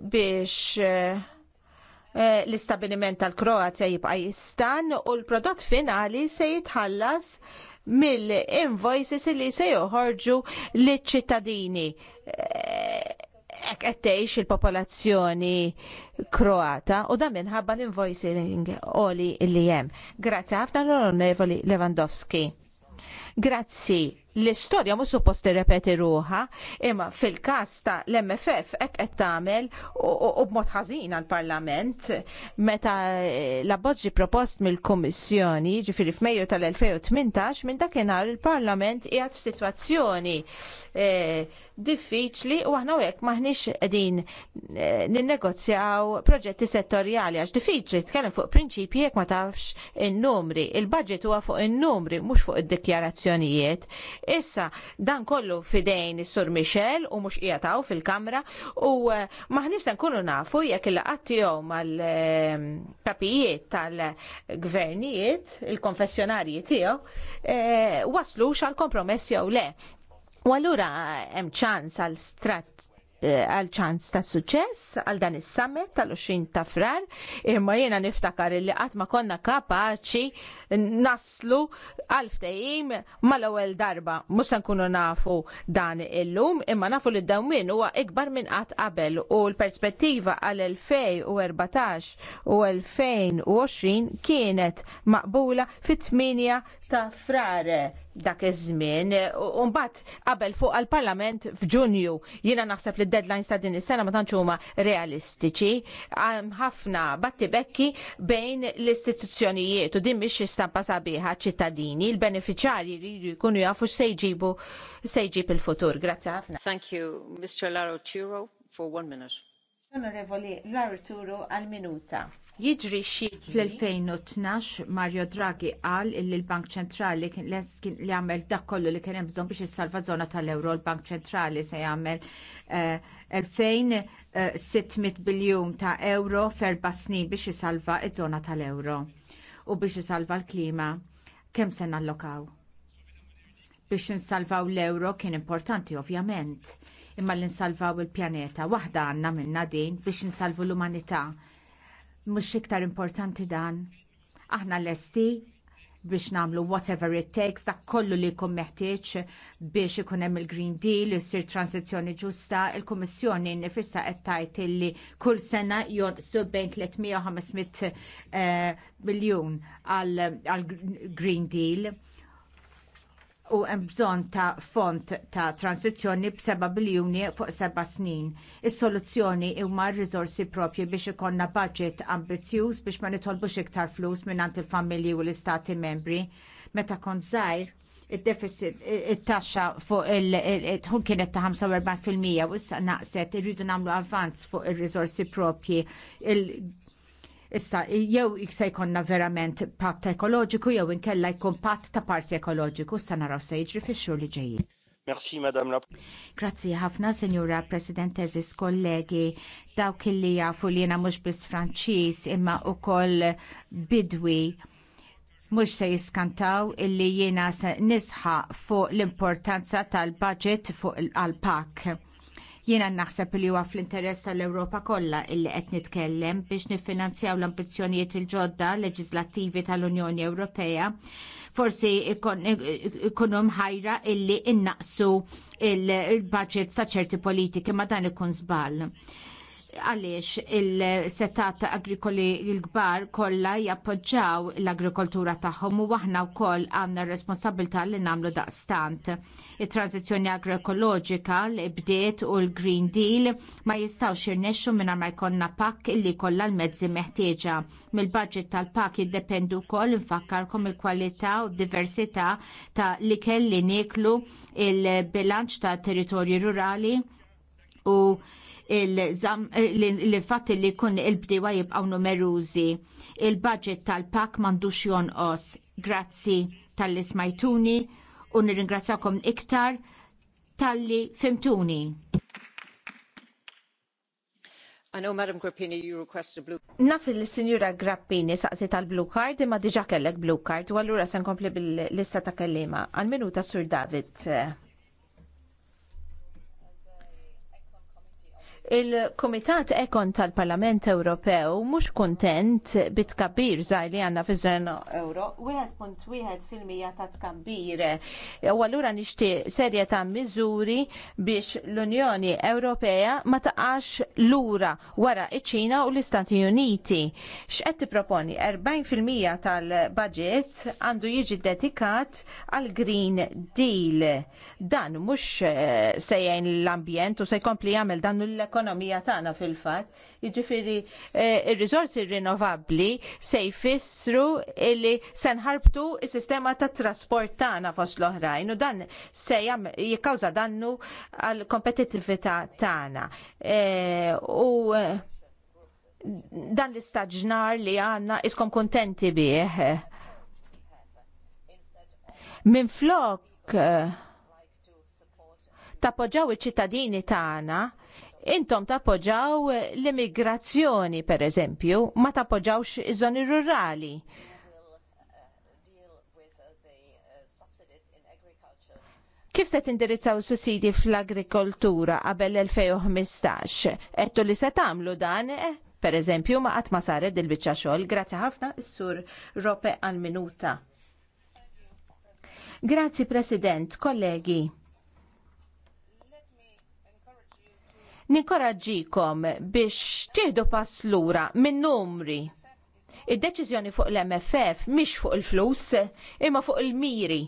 biex eh, l-istabiliment tal-Kroazja jibqa' jistan u l-prodott finali se jitħallas mill-invoices li se joħorġu liċ-ċittadini. Hekk qed tgħix il-popolazzjoni Kroata u da minħabba l-invoicing oli li hemm. Grazzi ħafna l-Onorevoli Lewandowski. Grazzi l-istorja mhux suppost tirrepeti ruha, imma fil-każ ta' l-MFF hekk qed tagħmel u b'mod ħażin għall-Parlament meta l-abbozġi propost mill-Kummissjoni, ġifieri f'Mejju tal-2018, minn dakinhar il-Parlament qiegħed f'sitwazzjoni eh, diffiċli u aħna hekk maħniex qegħdin eh, ninnegozjaw proġetti settorjali għax diffiċli tkellem fuq prinċipji jekk ma tafx in-numri. Il-budget huwa fuq in-numri mhux fuq id-dikjarazzjonijiet Issa, dan kollu fidejn is-Sur Michel u mhux qiegħu fil-kamra u eh, maħnista nkunu nafu jekk il-laqgħat tiegħu mal-kapijiet tal-gvernijiet, il-konfessjonarji tiegħu, eh, waslux għall kompromess jew le. U allura hemm ċans għal strat għal ċans ta' suċess għal dan is-summit tal-20 ta' frar, imma jiena niftakar li qatt ma konna kapaċi naslu għal ftehim mal-ewwel darba. Mhux se nkunu nafu dan illum, imma nafu li dawmin huwa ikbar minn qatt qabel u l-perspettiva għal 2014 u 2020 kienet maqbula fit-8 ta' frar dak iż-żmien. u mbagħad qabel fuq għall-Parlament f'Ġunju jiena naħseb li d-deadlines ta' din is-sena ma tantx huma realistiċi. Hemm ħafna batti bekki bejn l-istituzzjonijiet u din mhix istampa sabiħa ċittadini, il-beneficjarji jridu jkunu jafu x'se jġibu se jġib il-futur. Grazzi ħafna. Thank you, Mr. Laro Turo, for one minute. Onorevoli Laro Turo għal minuta. Jidri xi fl-2012 Mario Draghi qal li l-Bank Ċentrali li għamel dak kollu li kien hemm bżonn biex issalva żona tal-Ewro l-Bank Ċentrali se jagħmel 2600 eh, eh, biljun ta' euro f'erba' snin biex isalva ż-żona tal-Ewro u biex isalva l-klima kemm se nallokaw biex insalvaw l ewro kien importanti ovvjament, imma l insalvaw il-pjaneta waħda għandna minna din biex insalvu l-umanità mhux iktar importanti dan. Aħna lesti biex namlu whatever it takes, dak kollu li jkun meħtieġ biex ikun hemm il-Green Deal, jsir transizzjoni ġusta, il-Kummissjoni nifissa qed tgħid illi kull sena jonqsu bejn 300 500 eh, miljun għal Green Deal u hemm bżonn ta' font ta' transizzjoni b'seba' biljuni fuq seba' snin. Is-soluzzjoni huma r-riżorsi propji biex ikonna budget ambizzjuż biex ma nitolbux iktar flus mingħand il-familji u l-istati membri. Meta kont żgħir, id-deficit, it-taxxa fuq il ħun kienet ta' 45% u issa naqset irridu nagħmlu avvanz fuq ir-riżorsi propji. Issa, jew se jkollna verament patt ekoloġiku, jew inkella jkun patt ta' parsi ekoloġiku, issa naraw se jiġri fi li ġejjin. Merci, Madame la Grazzi ħafna, Senjura President, eżis kollegi, dawk li jafu li jena mux bis Franċis, imma u koll bidwi mux se jiskantaw illi jena nisħa fuq l-importanza tal-budget fuq għal-pak Jiena naħseb li huwa fl-interess tal-Ewropa kollha illi qed nitkellem biex niffinanzjaw l-ambizzjonijiet il-ġodda leġislattivi tal-Unjoni Ewropea. Forsi ikunhom ħajra illi innaqsu il-budgets ta' ċerti politiki ma dan ikun żball għaliex il-setat agrikoli l-kbar kollha jappoġġaw l-agrikoltura tagħhom u aħna wkoll għandna r responsabilità li nagħmlu daqstant. It-tranzizzjoni agroekoloġika li bdiet u l-Green Deal ma jistgħux jirnexxu mingħajr ma jkollna pakk illi kolla l-mezzi meħtieġa. Mill-budget tal-pakk jiddependu wkoll infakkarkom il-kwalità u d-diversità ta' li kelli nieklu il-bilanċ ta' territorji rurali u il fat li kun il-bdiwa jibqaw numerużi. Il-budget tal-pak mandux jonqos. Grazzi tal-ismajtuni u nirringrazzakom iktar tal-li fimtuni. Naf li sinjura Grappini saqsi tal-blue card imma diġa kellek blue card u allura se nkompli bil-lista ta' kellima għal minuta Sur David. Il-Komitat Ekon tal-Parlament Ewropew mhux kuntent bit-tkabbir żgħar li għanna fiż-żona euro, 1.1 fil-mija ta' tkabbir. U allura nixtieq serje ta' miżuri biex l-Unjoni Ewropea ma taqax lura wara iċ-Ċina u l-Istati Uniti. X'qed tipproponi 40% tal-budget għandu jiġi dedikat għal Green Deal. Dan mhux eh, sejjejn l-ambjent u se jkompli jagħmel dan l-ekonomija l-ekonomija tagħna fil-fatt. Jiġifieri eh, ir-riżorsi rinnovabbli se jfissru li se nħarbtu s-sistema tat trasport tagħna fost l-oħrajn u dan se jikkawża dannu għall kompetittività tagħna. Eh, u eh, dan l-istaġnar li għanna iskom kontenti bieħ. Min flok tappoġġaw iċ-ċittadini tagħna Intom tappoġġaw l-immigrazzjoni, per eżempju, ma tappoġġawx iż-żoni rurali. Kif se tindirizzaw sussidi fl-agrikoltura qabel 2015? Ettu li se tagħmlu dan, eh? per eżempju, ma qatt ma saret il-biċċa xogħol. Grazzi ħafna sur Rope għal minuta. Grazzi President, kollegi. Ninkoraġġikom biex tieħdu pass lura minn numri. Id-deċiżjoni fuq l-MFF mhix fuq il-flus imma fuq il-miri.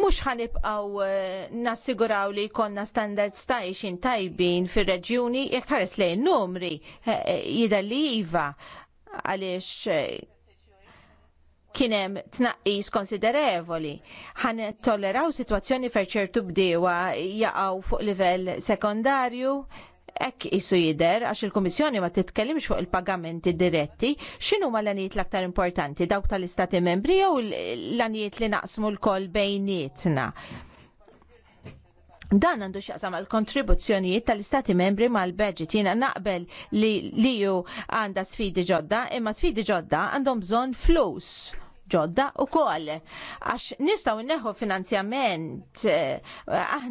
Mhux ħanibqgħu eh, nassiguraw li jkollna standards tajxin tajbin fir reġjuni jekk ħares lejn numri eh, jidher li iva għaliex eh, kien hemm tnaqqis konsiderevoli. Ħan tolleraw sitwazzjoni ferċertu ċertu bdewa jaqgħu fuq livell sekondarju hekk isu jidher għax il-Kummissjoni ma titkellimx fuq il-pagamenti diretti, xinu ma l-anijiet l-aktar importanti dawk tal-Istati Membri jew l-anijiet li naqsmu l-koll bejnietna. Dan għandu xaqsam għal kontribuzzjonijiet tal-istati membri mal budget jina naqbel li ju għanda sfidi ġodda, imma sfidi ġodda għandhom bżon flus ġodda u koll. Għax nistaw neħu finanzjament eh,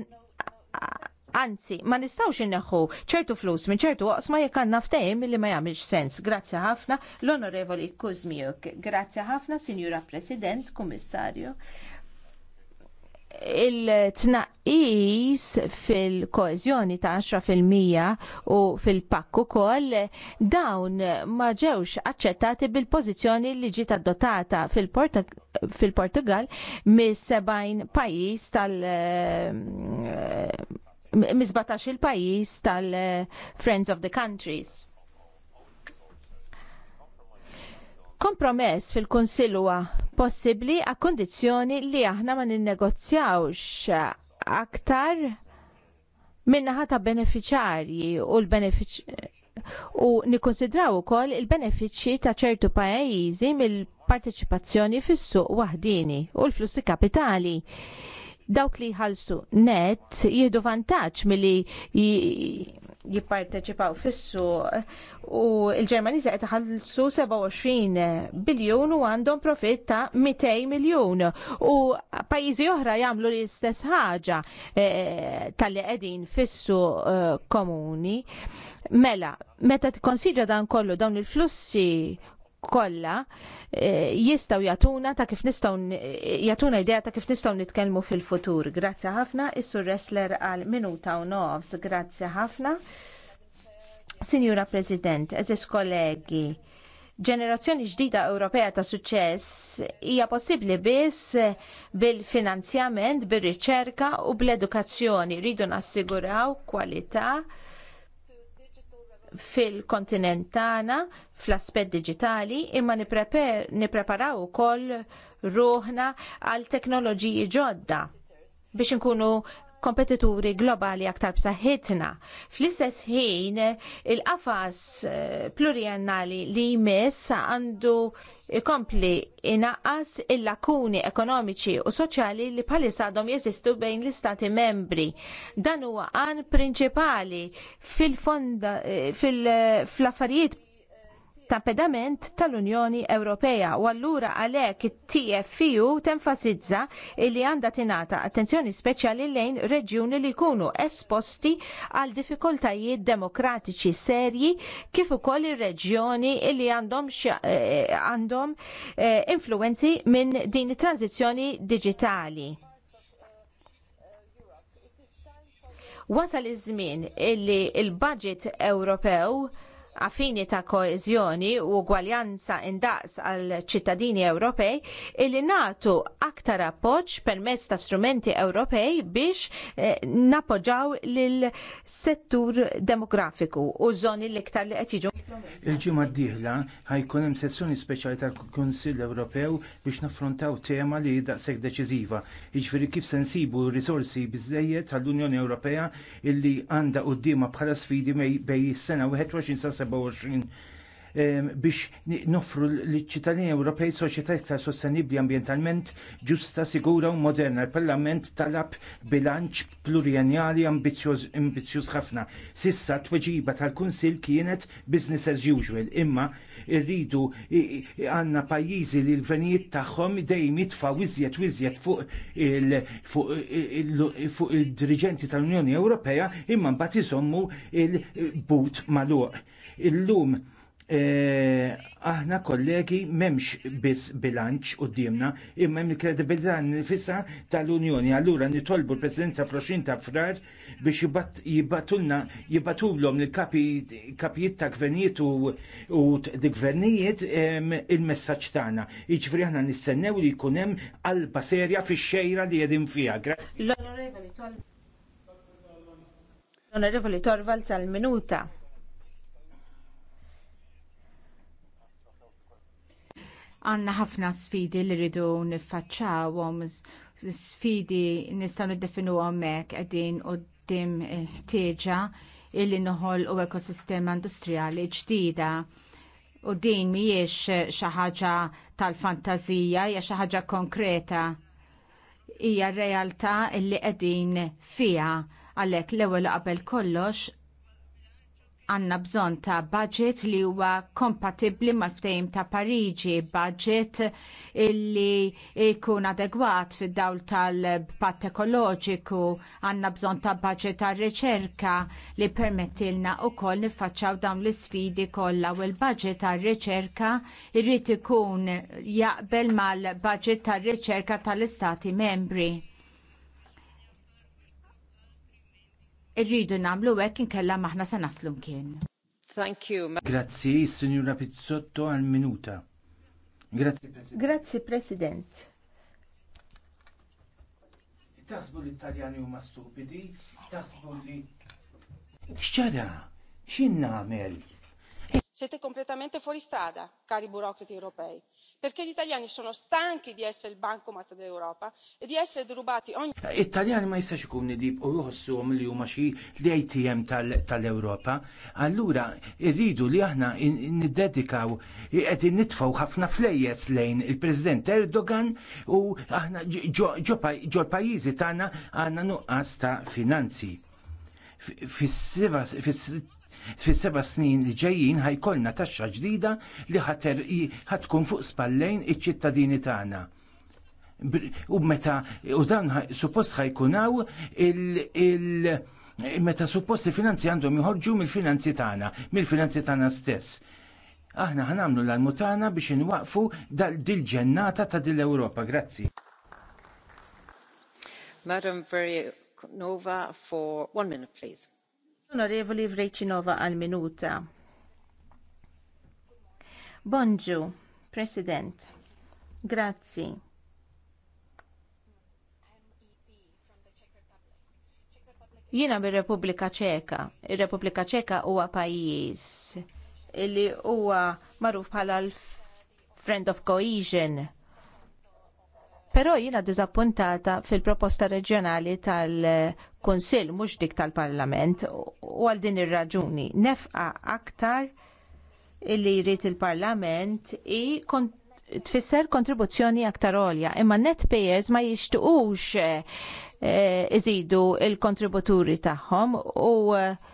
Anzi, ma nistawx inneħu ċertu flus minn ċertu għos jekk għandna naftajem li ma jgħamilx sens. Grazzi ħafna l-Onorevoli Kuzmiuk, grazzi ħafna Sinjura President, Kummissarju, il tnaqis fil-koezjoni ta' 10% u fil-pakku kol dawn ma ġewx aċċettati bil-pożizzjoni li ġiet adottata fil-Portugal mis 70 tal- eh, mis il pajjiż tal-Friends eh, of the Countries. kompromess fil-Kunsill huwa possibbli a kondizzjoni li aħna ma ninnegozjawx aktar minnaħa ta' beneficjarji u l benefiċ u nikkonsidraw ukoll il-benefiċċji ta' ċertu pajjiżi mill-parteċipazzjoni fis-suq waħdini u l-flussi kapitali dawk li jħallsu net vantaċ vantaġġ milli jipparteċipaw fis u l-Ġermaniżi qed ħalsu 27 biljun u għandhom profitt ta' 200 miljun u pajjiżi oħra jagħmlu l-istess ħaġa eh, tal-li qegħdin fissu eh, komuni. Mela, meta tikkonsidra dan kollu dawn il-flussi Kolla, eh, jistgħu jagħtuna ta' kif nistaw eh, jatuna idea ta' kif nistgħu nitkellmu fil-futur. Grazzi ħafna, is-sur Ressler għal minuta u nofs, grazzi ħafna. Signora President, eżis kollegi, ġenerazzjoni ġdida Ewropea ta' suċċess hija possibbli biss bil-finanzjament, bir-riċerka u bl-edukazzjoni. Ridu nassiguraw kwalità fil-kontinent tagħna fl-aspett digitali, imma nippreparaw ukoll ruħna għal teknoloġiji ġodda biex inkunu kompetituri globali aktar b'saħħitna. Fl-istess ħin, il-qafas eh, pluriannali li jmiss għandu kompli inaqqas il-lakuni ekonomiċi u soċjali li bħalissa għadhom jeżistu bejn l-istati membri. Dan huwa għan prinċipali fil-affarijiet eh, fil ta' pedament tal-Unjoni Ewropea u allura għalhekk it-TFU tenfasizza li għandha tingħata attenzjoni speċjali lejn reġjuni li jkunu esposti għal diffikultajiet demokratiċi serji kif ukoll ir-reġjoni li għandhom eh, għandhom eh, influwenzi minn din it-tranzizzjoni diġitali. Wasal iż-żmien illi l-budget Ewropew fini ta' koezjoni u gwaljanza indaqs għal ċittadini Ewropej illi natu aktar appoġġ permezz ta' strumenti Ewropej biex eh, napoġġaw lil settur demografiku u żoni l-iktar li qed jiġu. Il-ġimgħa d-dieħla ħajkun hemm sessjoni speċjali tal-Kunsill Ewropew biex naffrontaw tema li daqshekk deċiżiva. Jiġifieri kif se nsibu risorsi biżejjed tal-Unjoni Ewropea illi għandha qudiema bħala sfidi bej is-sena 21 sa' Ehm, biex nofru l-ċittadini Ewropej soċjetà iktar sostenibbli ambientalment ġusta, sigura u moderna. Il-Parlament talab bilanċ plurianjali ambizjuż ħafna. Sissa t-tweġiba tal-Kunsil kienet business as usual, imma irridu għanna pajjiżi li l-gvernijiet tagħhom dejjem jitfa' wiżjed iżjed fuq il-dirigenti tal-Unjoni Ewropea imma mbagħad iżommu il-but magħluq. Illum Eh, aħna kollegi memx biss bilanċ u d-dimna imma hemm il-kredibilità nifissa tal-Unjoni. Allura nitolbu l-Presidenza Froxin ta' frar biex jibatulna jibatulhom l-kapijiet ta' gvernijiet u gvernijiet il-messaġġ tagħna. Jiġifieri aħna nistennew li jkun hemm qalba serja fix-xejra li qegħdin fiha. L-Onorevoli Torvalds għal minuta. Għanna ħafna sfidi li rridu niffaċċawhom, sfidi nistgħu niddefinuhom hekk qegħdin qudiem ħtieġa illi noħol u ekosistema industrijali ġdida. U din mhijiex xi ħaġa tal fantazija hija xi ħaġa konkreta. Hija r realtà li qegħdin fiha għalhekk l-ewwel qabel kollox għanna bżon ta' budget li huwa kompatibli mal-ftejim ta' Pariġi, budget illi jkun adegwat fid dawl tal-patt ekoloġiku, għanna bżon ta' budget ta' riċerka li permettilna u koll nifacċaw dawn l-sfidi kollha u l-budget ta' riċerka irrid ikun jaqbel mal-budget ta' riċerka tal-Istati membri Irridu nagħmlu hekk inkella maħna se naslu mkien. Thank you. Grazzi, Signora Pizzotto għal minuta. Grazzi, President. Grazzi, President. Tasbu li Italjani huma stupidi, tasbu li. Xċara, xin namel? Siete kompletamente fuori strada, cari burocrati europei perché gli italiani sono stanchi di essere il bancomat dell'Europa e di essere derubati ogni Italiani ma jistax ikun nidib u jħossuhom li huma xi l-ATM tal-Ewropa, allura rridu li aħna niddedikaw qegħdin nitfgħu ħafna flejjes lejn il-President Erdogan u aħna ġol pajjiżi tagħna għandna nuqqas ta' finanzi. Fis-sitt Fis-seba' snin li ġejjin ħajkollna taxxa ġdida li ħater ħatkun fuq spallejn iċ-ċittadini tagħna. U meta u dan suppost ħajkunaw il-, il meta suppost il-finanzi għandhom joħorġu mill-finanzi tagħna, mill-finanzi tagħna stess aħna ħanamlu l tagħna biex inwaqfu dil-ġennata ta' dil-Europa. Grazzi. Madam Nova for one minute, please. Onorevoli Vrejcinova al minuta. Bonġu, President. Grazzi. Jina bir-Repubblika Ċeka. Ir-Repubblika Ċeka huwa pajjiż li huwa magħruf bħala l-Friend of Cohesion. Però jina diżappuntata fil-proposta reġjonali tal kunsil kunsill mhux dik tal-Parlament u għal din ir-raġuni nefqa aktar illi jrid il-Parlament i kont tfisser kontribuzzjoni aktar olja, imma net payers ma jixtuqux eh, eh, iżidu il-kontributuri tagħhom u eh,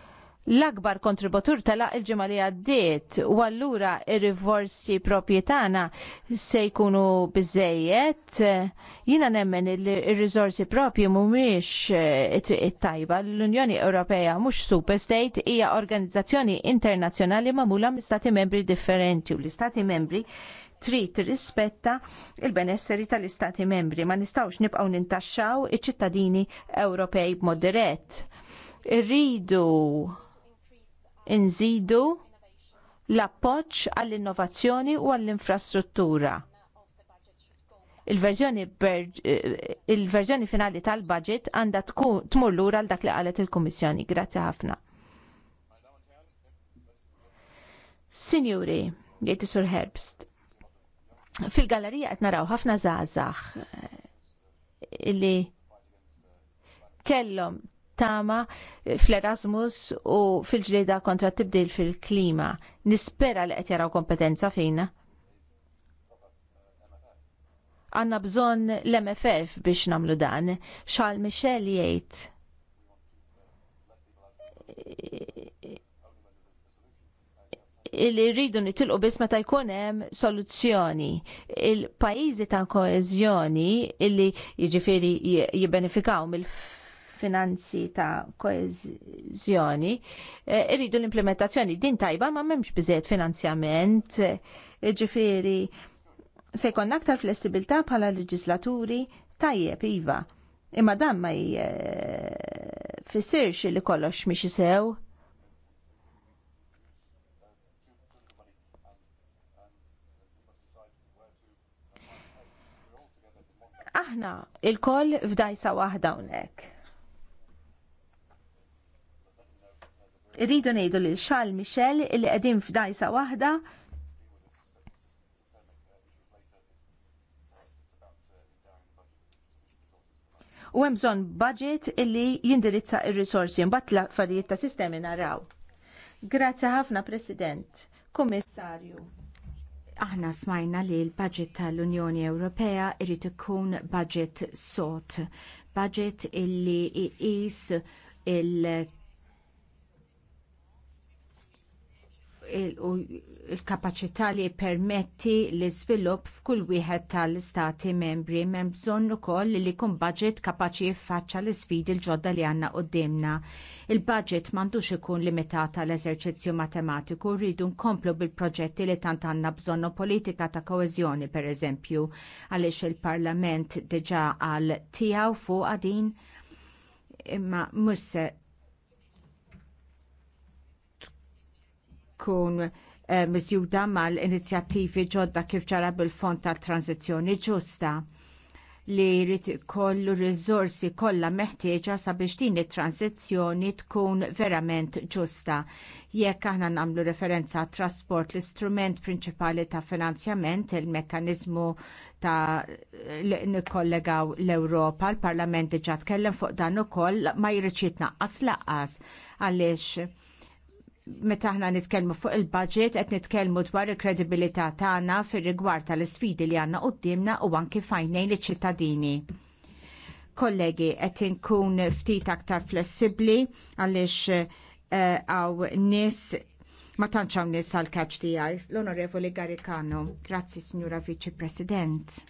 l-akbar kontributur tala il-ġimma li għaddiet u allura il rivorsi propietana se jkunu bizzejiet jina nemmen il-rizorsi propji mumiex eh, it-tajba l-Unjoni Ewropea mux superstate hija organizzazzjoni internazzjonali mamula mistati membri differenti u l-istati membri trid rispetta il-benesseri tal-istati membri ma nistawx nibqaw nintaxxaw iċ-ċittadini Ewropej b'mod dirett. Irridu nżidu l-appoġġ għall-innovazzjoni u għall-infrastruttura. Il-verżjoni eh, il finali tal-budget għandha tmur lura għal dak li qalet il-Kummissjoni. Grazzi ħafna. Sinjuri, jgħid Sur Herbst. Fil-gallerija qed naraw ħafna żgħażagħ eh, li kellhom Tama fl-Erasmus u fil ġlida kontra tibdil fil-klima. Nispera li qed jaraw kompetenza fina. Għanna bżon l-MFF biex namlu dan. Xal Michel jgħid Illi rridu nitilqu biss meta jkun hemm soluzzjoni. Il-pajjiżi ta' koeżjoni illi jiġifieri jibbenefikaw mill finanzi ta' koezjoni, eh, irridu l-implementazzjoni din tajba ma' memx bizet finanzjament, eh, ġifiri, se jkollna aktar flessibilità bħala leġislaturi tajjeb iva. Imma dan ma jfissirx eh, li kollox miex sew. aħna il-koll f'dajsa waħda unek. Irridu ngħidu lil xal Michel li qegħdin f'dajsa waħda u hemm bżonn budget illi jindirizza ir-risorsi mbagħad l-affarijiet ta' sistemi naraw. Grazzi ħafna President, Kummissarju. Aħna smajna li l-budget tal-Unjoni Ewropea irrid ikun budget sot, budget illi iqis il il-kapacità li permetti l iżvilupp f'kull wieħed tal-istati membri mem bżonn ukoll li jkun budget kapaċi jiffaċċja l-isfidi l-ġodda li għandna qudiemna. Il-budget m'għandux ikun limitat għal eżerċizzju matematiku, rridu nkomplu bil-proġetti li tant għandna bżonnu politika ta' koeżjoni pereżempju għaliex il-Parlament diġà għal tiegħu fuq għadin imma musse tkun eh, miżjuda mal-inizjattivi ġodda kif ġara bil-fond tal-tranzizjoni ġusta li jrid kollu riżorsi kollha meħtieġa sabiex din it-transizzjoni tkun verament ġusta. Jekk aħna nagħmlu referenza għat trasport l-istrument prinċipali ta' finanzjament il-mekkaniżmu ta' li nikkollegaw l-Ewropa, l-Parlament diġà tkellem fuq dan ukoll ma jridx jitnaqqas laqqas għaliex meta aħna nitkellmu fuq il-budget qed nitkellmu dwar il-kredibilità tagħna fir-rigward tal-isfidi li għandna qudiemna u anke fajnejn liċ-ċittadini. Kollegi, qed inkun ftit aktar flessibbli għaliex għaw eh, nies ma tantx hawn nies għall-kaċ tiegħi. L-Onorevoli Garikano. Grazzi, Signora Viċi President.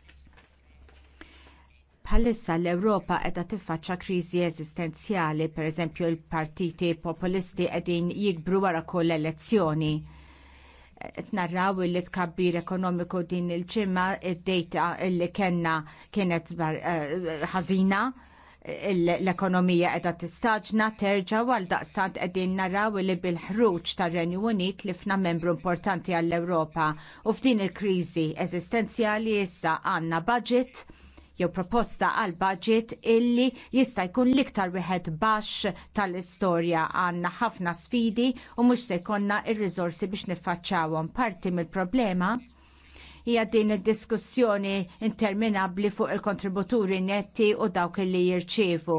Bħalissa l-Ewropa qiegħda tiffaċċa kriżi eżistenzjali, pereżempju l partiti populisti qegħdin jikbru wara kull elezzjoni narraw li tkabbir ekonomiku din il-ġimma id-data li kellna kienet eh, ħażina l-ekonomija qiegħda tistaġna terġa għal daqstant qegħdin naraw li bil-ħruġ tar-Renju Unit li fna membru importanti għall-Ewropa u f'din il-kriżi eżistenzjali issa għandna budget jew proposta għal budget illi jista' jkun l-iktar wieħed baxx tal-istorja għandna ħafna sfidi u mhux se jkollna r-riżorsi biex niffaċċawhom. Parti mill-problema hija din id-diskussjoni interminabbli fuq il-kontributuri netti u dawk li jirċievu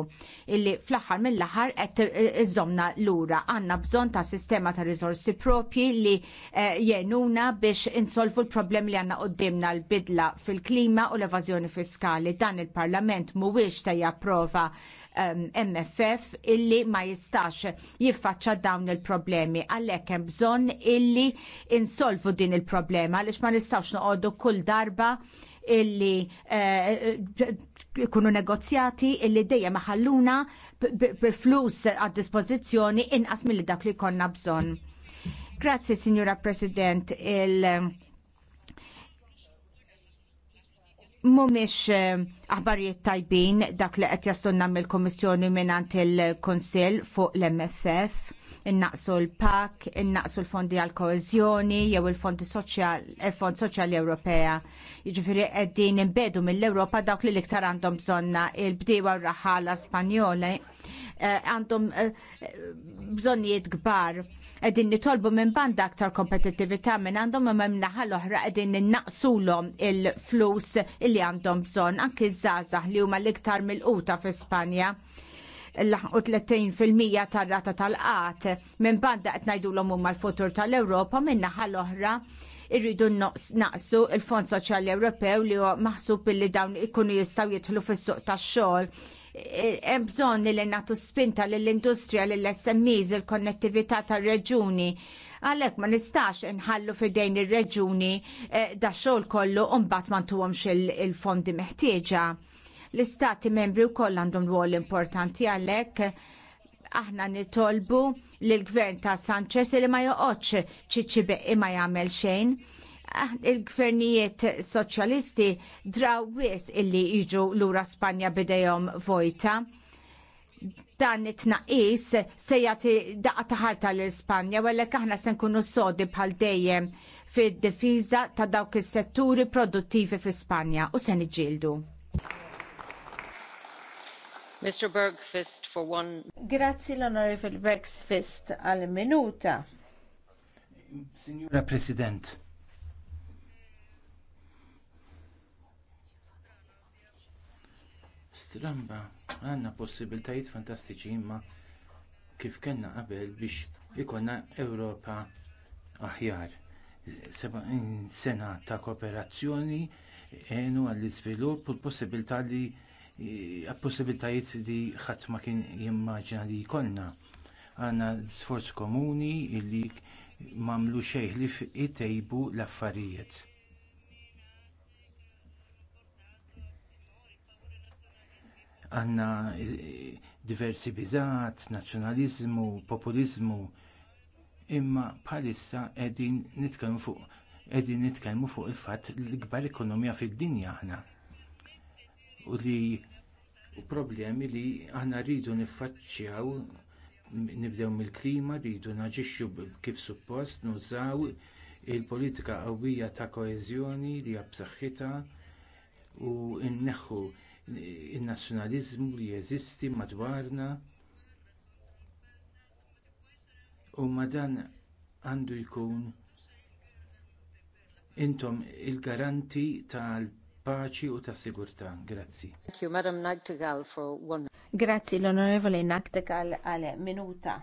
illi fl-aħħar mill-aħħar qed iżomna lura. Għandna bżonn ta' sistema ta' risorsi propji li eh, jenuna biex insolvu l-problemi li għandna qudiemna l-bidla fil-klima u l-evażjoni fiskali. Dan il-Parlament mhuwiex ta japprova MFF um, illi ma jistax jiffaċċa dawn il-problemi għalhekk hemm bżonn illi insolvu din il-problema għaliex ma nistax noqogħdu kull darba illi eh, ikunu uh, negozjati illi dejjem maħalluna bil-flus għad dispożizzjoni inqas mill dak li konna bżonn. Grazzi, Signora President, il- mumiex eh, aħbarijiet tajbin dak li qed jastunna mill-Kommissjoni mingħand il-Kunsill fuq l-MFF, innaqsu l-PAK, innaqsu l-fondi għal koezjoni jew il-fondi fond soċjali Ewropea. Jiġifieri qegħdin inbedu mill-Ewropa dawk li l-iktar għandhom bżonna il-bdiewa raħala Spanjoli eh, għandhom eh, bżonnijiet kbar qegħdin nitolbu minn banda aktar kompetittività minn għandhom imma naħa l-oħra qegħdin innaqsulhom il-flus illi għandhom bżonn anki zazah li huma l-iktar mill-quta fi Spanja laħqu 30% tar-rata tal-qat minn banda qed ngħidulhom huma l-futur tal-Ewropa minn naħa l-oħra irridu naqsu il-Fond Soċjali Ewropew li huwa maħsub billi dawn ikunu jistgħu jidħlu fis-suq tax-xogħol Eh, hemm bżonn li nagħtu spinta lill-industrija lill-SMEs il-konnettività tar-reġuni. Għalhekk ma nistax inħallu fidejn ir-reġuni eh, da xogħol kollu u mbagħad ma ntuhomx il-fondi meħtieġa. L-istati membri wkoll għandhom rwol importanti għalhekk aħna nitolbu lill gvern ta' Sanchez li ma joqgħodx ċiċibeqi ma jagħmel xejn il-gvernijiet soċjalisti draw wis illi jiġu lura Spanja bidejhom vojta dan it-tnaqqis se jagħti daqqa taħarta l-Ispanja u aħna se nkunu sodi bħal dejjem fid-difiża ta' dawk is-setturi produttivi fi Spanja u se niġieldu. Mr. Bergfist for one. Grazzi l-Onorevole Bergfist għal minuta. Signora President, Stramba, għandna possibiltajiet fantastiċi imma kif kellna qabel biex ikonna Ewropa aħjar. Seba sena ta' kooperazzjoni għenu għall iżvilupp u l-possibilità li eh, possibiltajiet li ħadd ma kien jimmaġina li jkollna. Għandna sforz komuni li mamlu xejn li itejbu l-affarijiet għanna eh, diversi bizat, nazjonalizmu, populizmu, imma bħalissa edin nitkellmu fuq edin nitkelmu fuq il-fatt l-ikbar ekonomija fid-dinja aħna. U li u problemi li aħna rridu niffaċċjaw nibdew mill-klima, rridu naġixxu kif suppost nużaw il-politika qawwija ta' koeżjoni li hija b'saħħitha u nneħħu il-nazzjonalizmu li jeżisti madwarna u madan għandu jkun intom il-garanti tal-paċi u tas-sigurtà. Grazzi. Thank you, Madam Nagtigal, for one. Grazzi l-Onorevole Nagtigal għal minuta.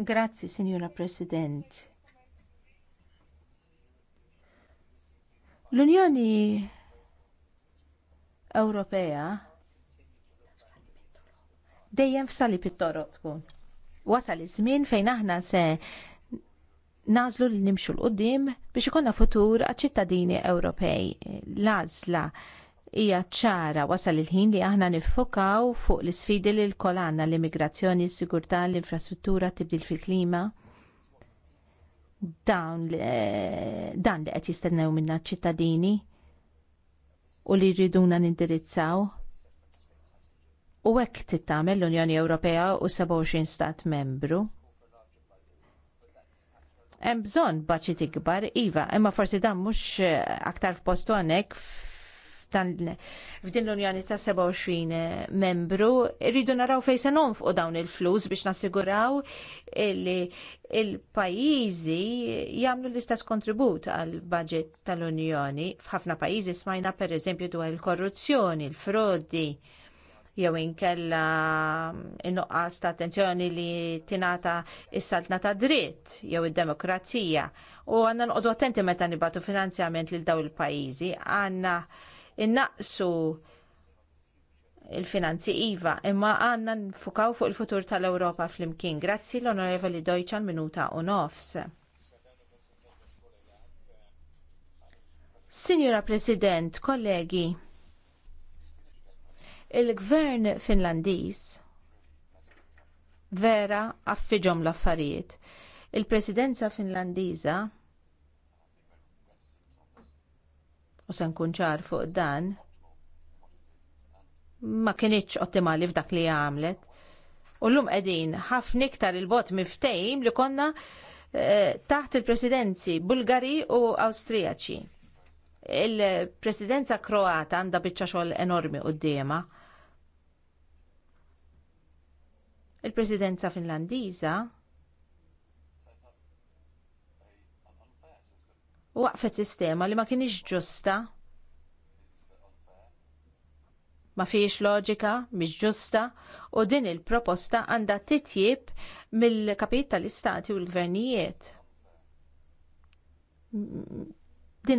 Grazzi, Signora President. L-Unjoni Ewropea dejjem f'sali pittoro tkun. Wasal iż-żmien fejn aħna se nażlu li nimxu l qudiem biex ikonna futur għaċ-ċittadini Ewropej. L-għażla hija ċara wasal il-ħin li aħna niffokaw fuq l-isfidi li l-kol għandna l-immigrazzjoni, s-sigurtà, l-infrastruttura, tibdil fil-klima. Dawn eh, dan li qed jistennew minna ċittadini u li jriduna nindirizzaw. U hekk tittamel l-Unjoni Ewropea u 27 stat membru. Hemm bżonn baċit ikbar, iva, imma forsi dan mhux eh, aktar f'postu għandek f'din l-Unjoni ta' 27 eh, membru rridu naraw fejn se nonfqu dawn il-flus biex nassiguraw li il-pajjiżi jagħmlu l-istess kontribut għal budget tal-Unjoni. F'ħafna pajjiżi smajna pereżempju dwar il-korruzzjoni, il-frodi, jew inkella innuqqas ta' attenzjoni li tingħata is-saltna ta' dritt jew id-demokrazija. U għandna nqodu attenti meta nibatu finanzjament lil daw il-pajjiżi, għandna innaqsu il-finanzi IVA imma għandna nfukaw fuq il-futur tal-Ewropa flimkien. Grazzi l-Onorevoli Deutschan minuta u nofs. Signora President, kollegi, il-gvern Finlandiż vera affiġom l-affarijiet. Il-presidenza Finlandiża u se nkun ċar fuq dan ma kienieċ ottimali f'dak li għamlet. U llum qegħdin ħafna iktar il-bot miftejm li konna eh, taħt il-presidenzi Bulgari u Awstrijaċi. Il-presidenza Kroata għandha biċċa xogħol enormi d-dema. Il-presidenza Finlandiża u waqfet sistema li ma kinitx ġusta ma fiex loġika, mhix ġusta, u din il-proposta għandha titjib mill-kapit tal-istati u l-gvernijiet.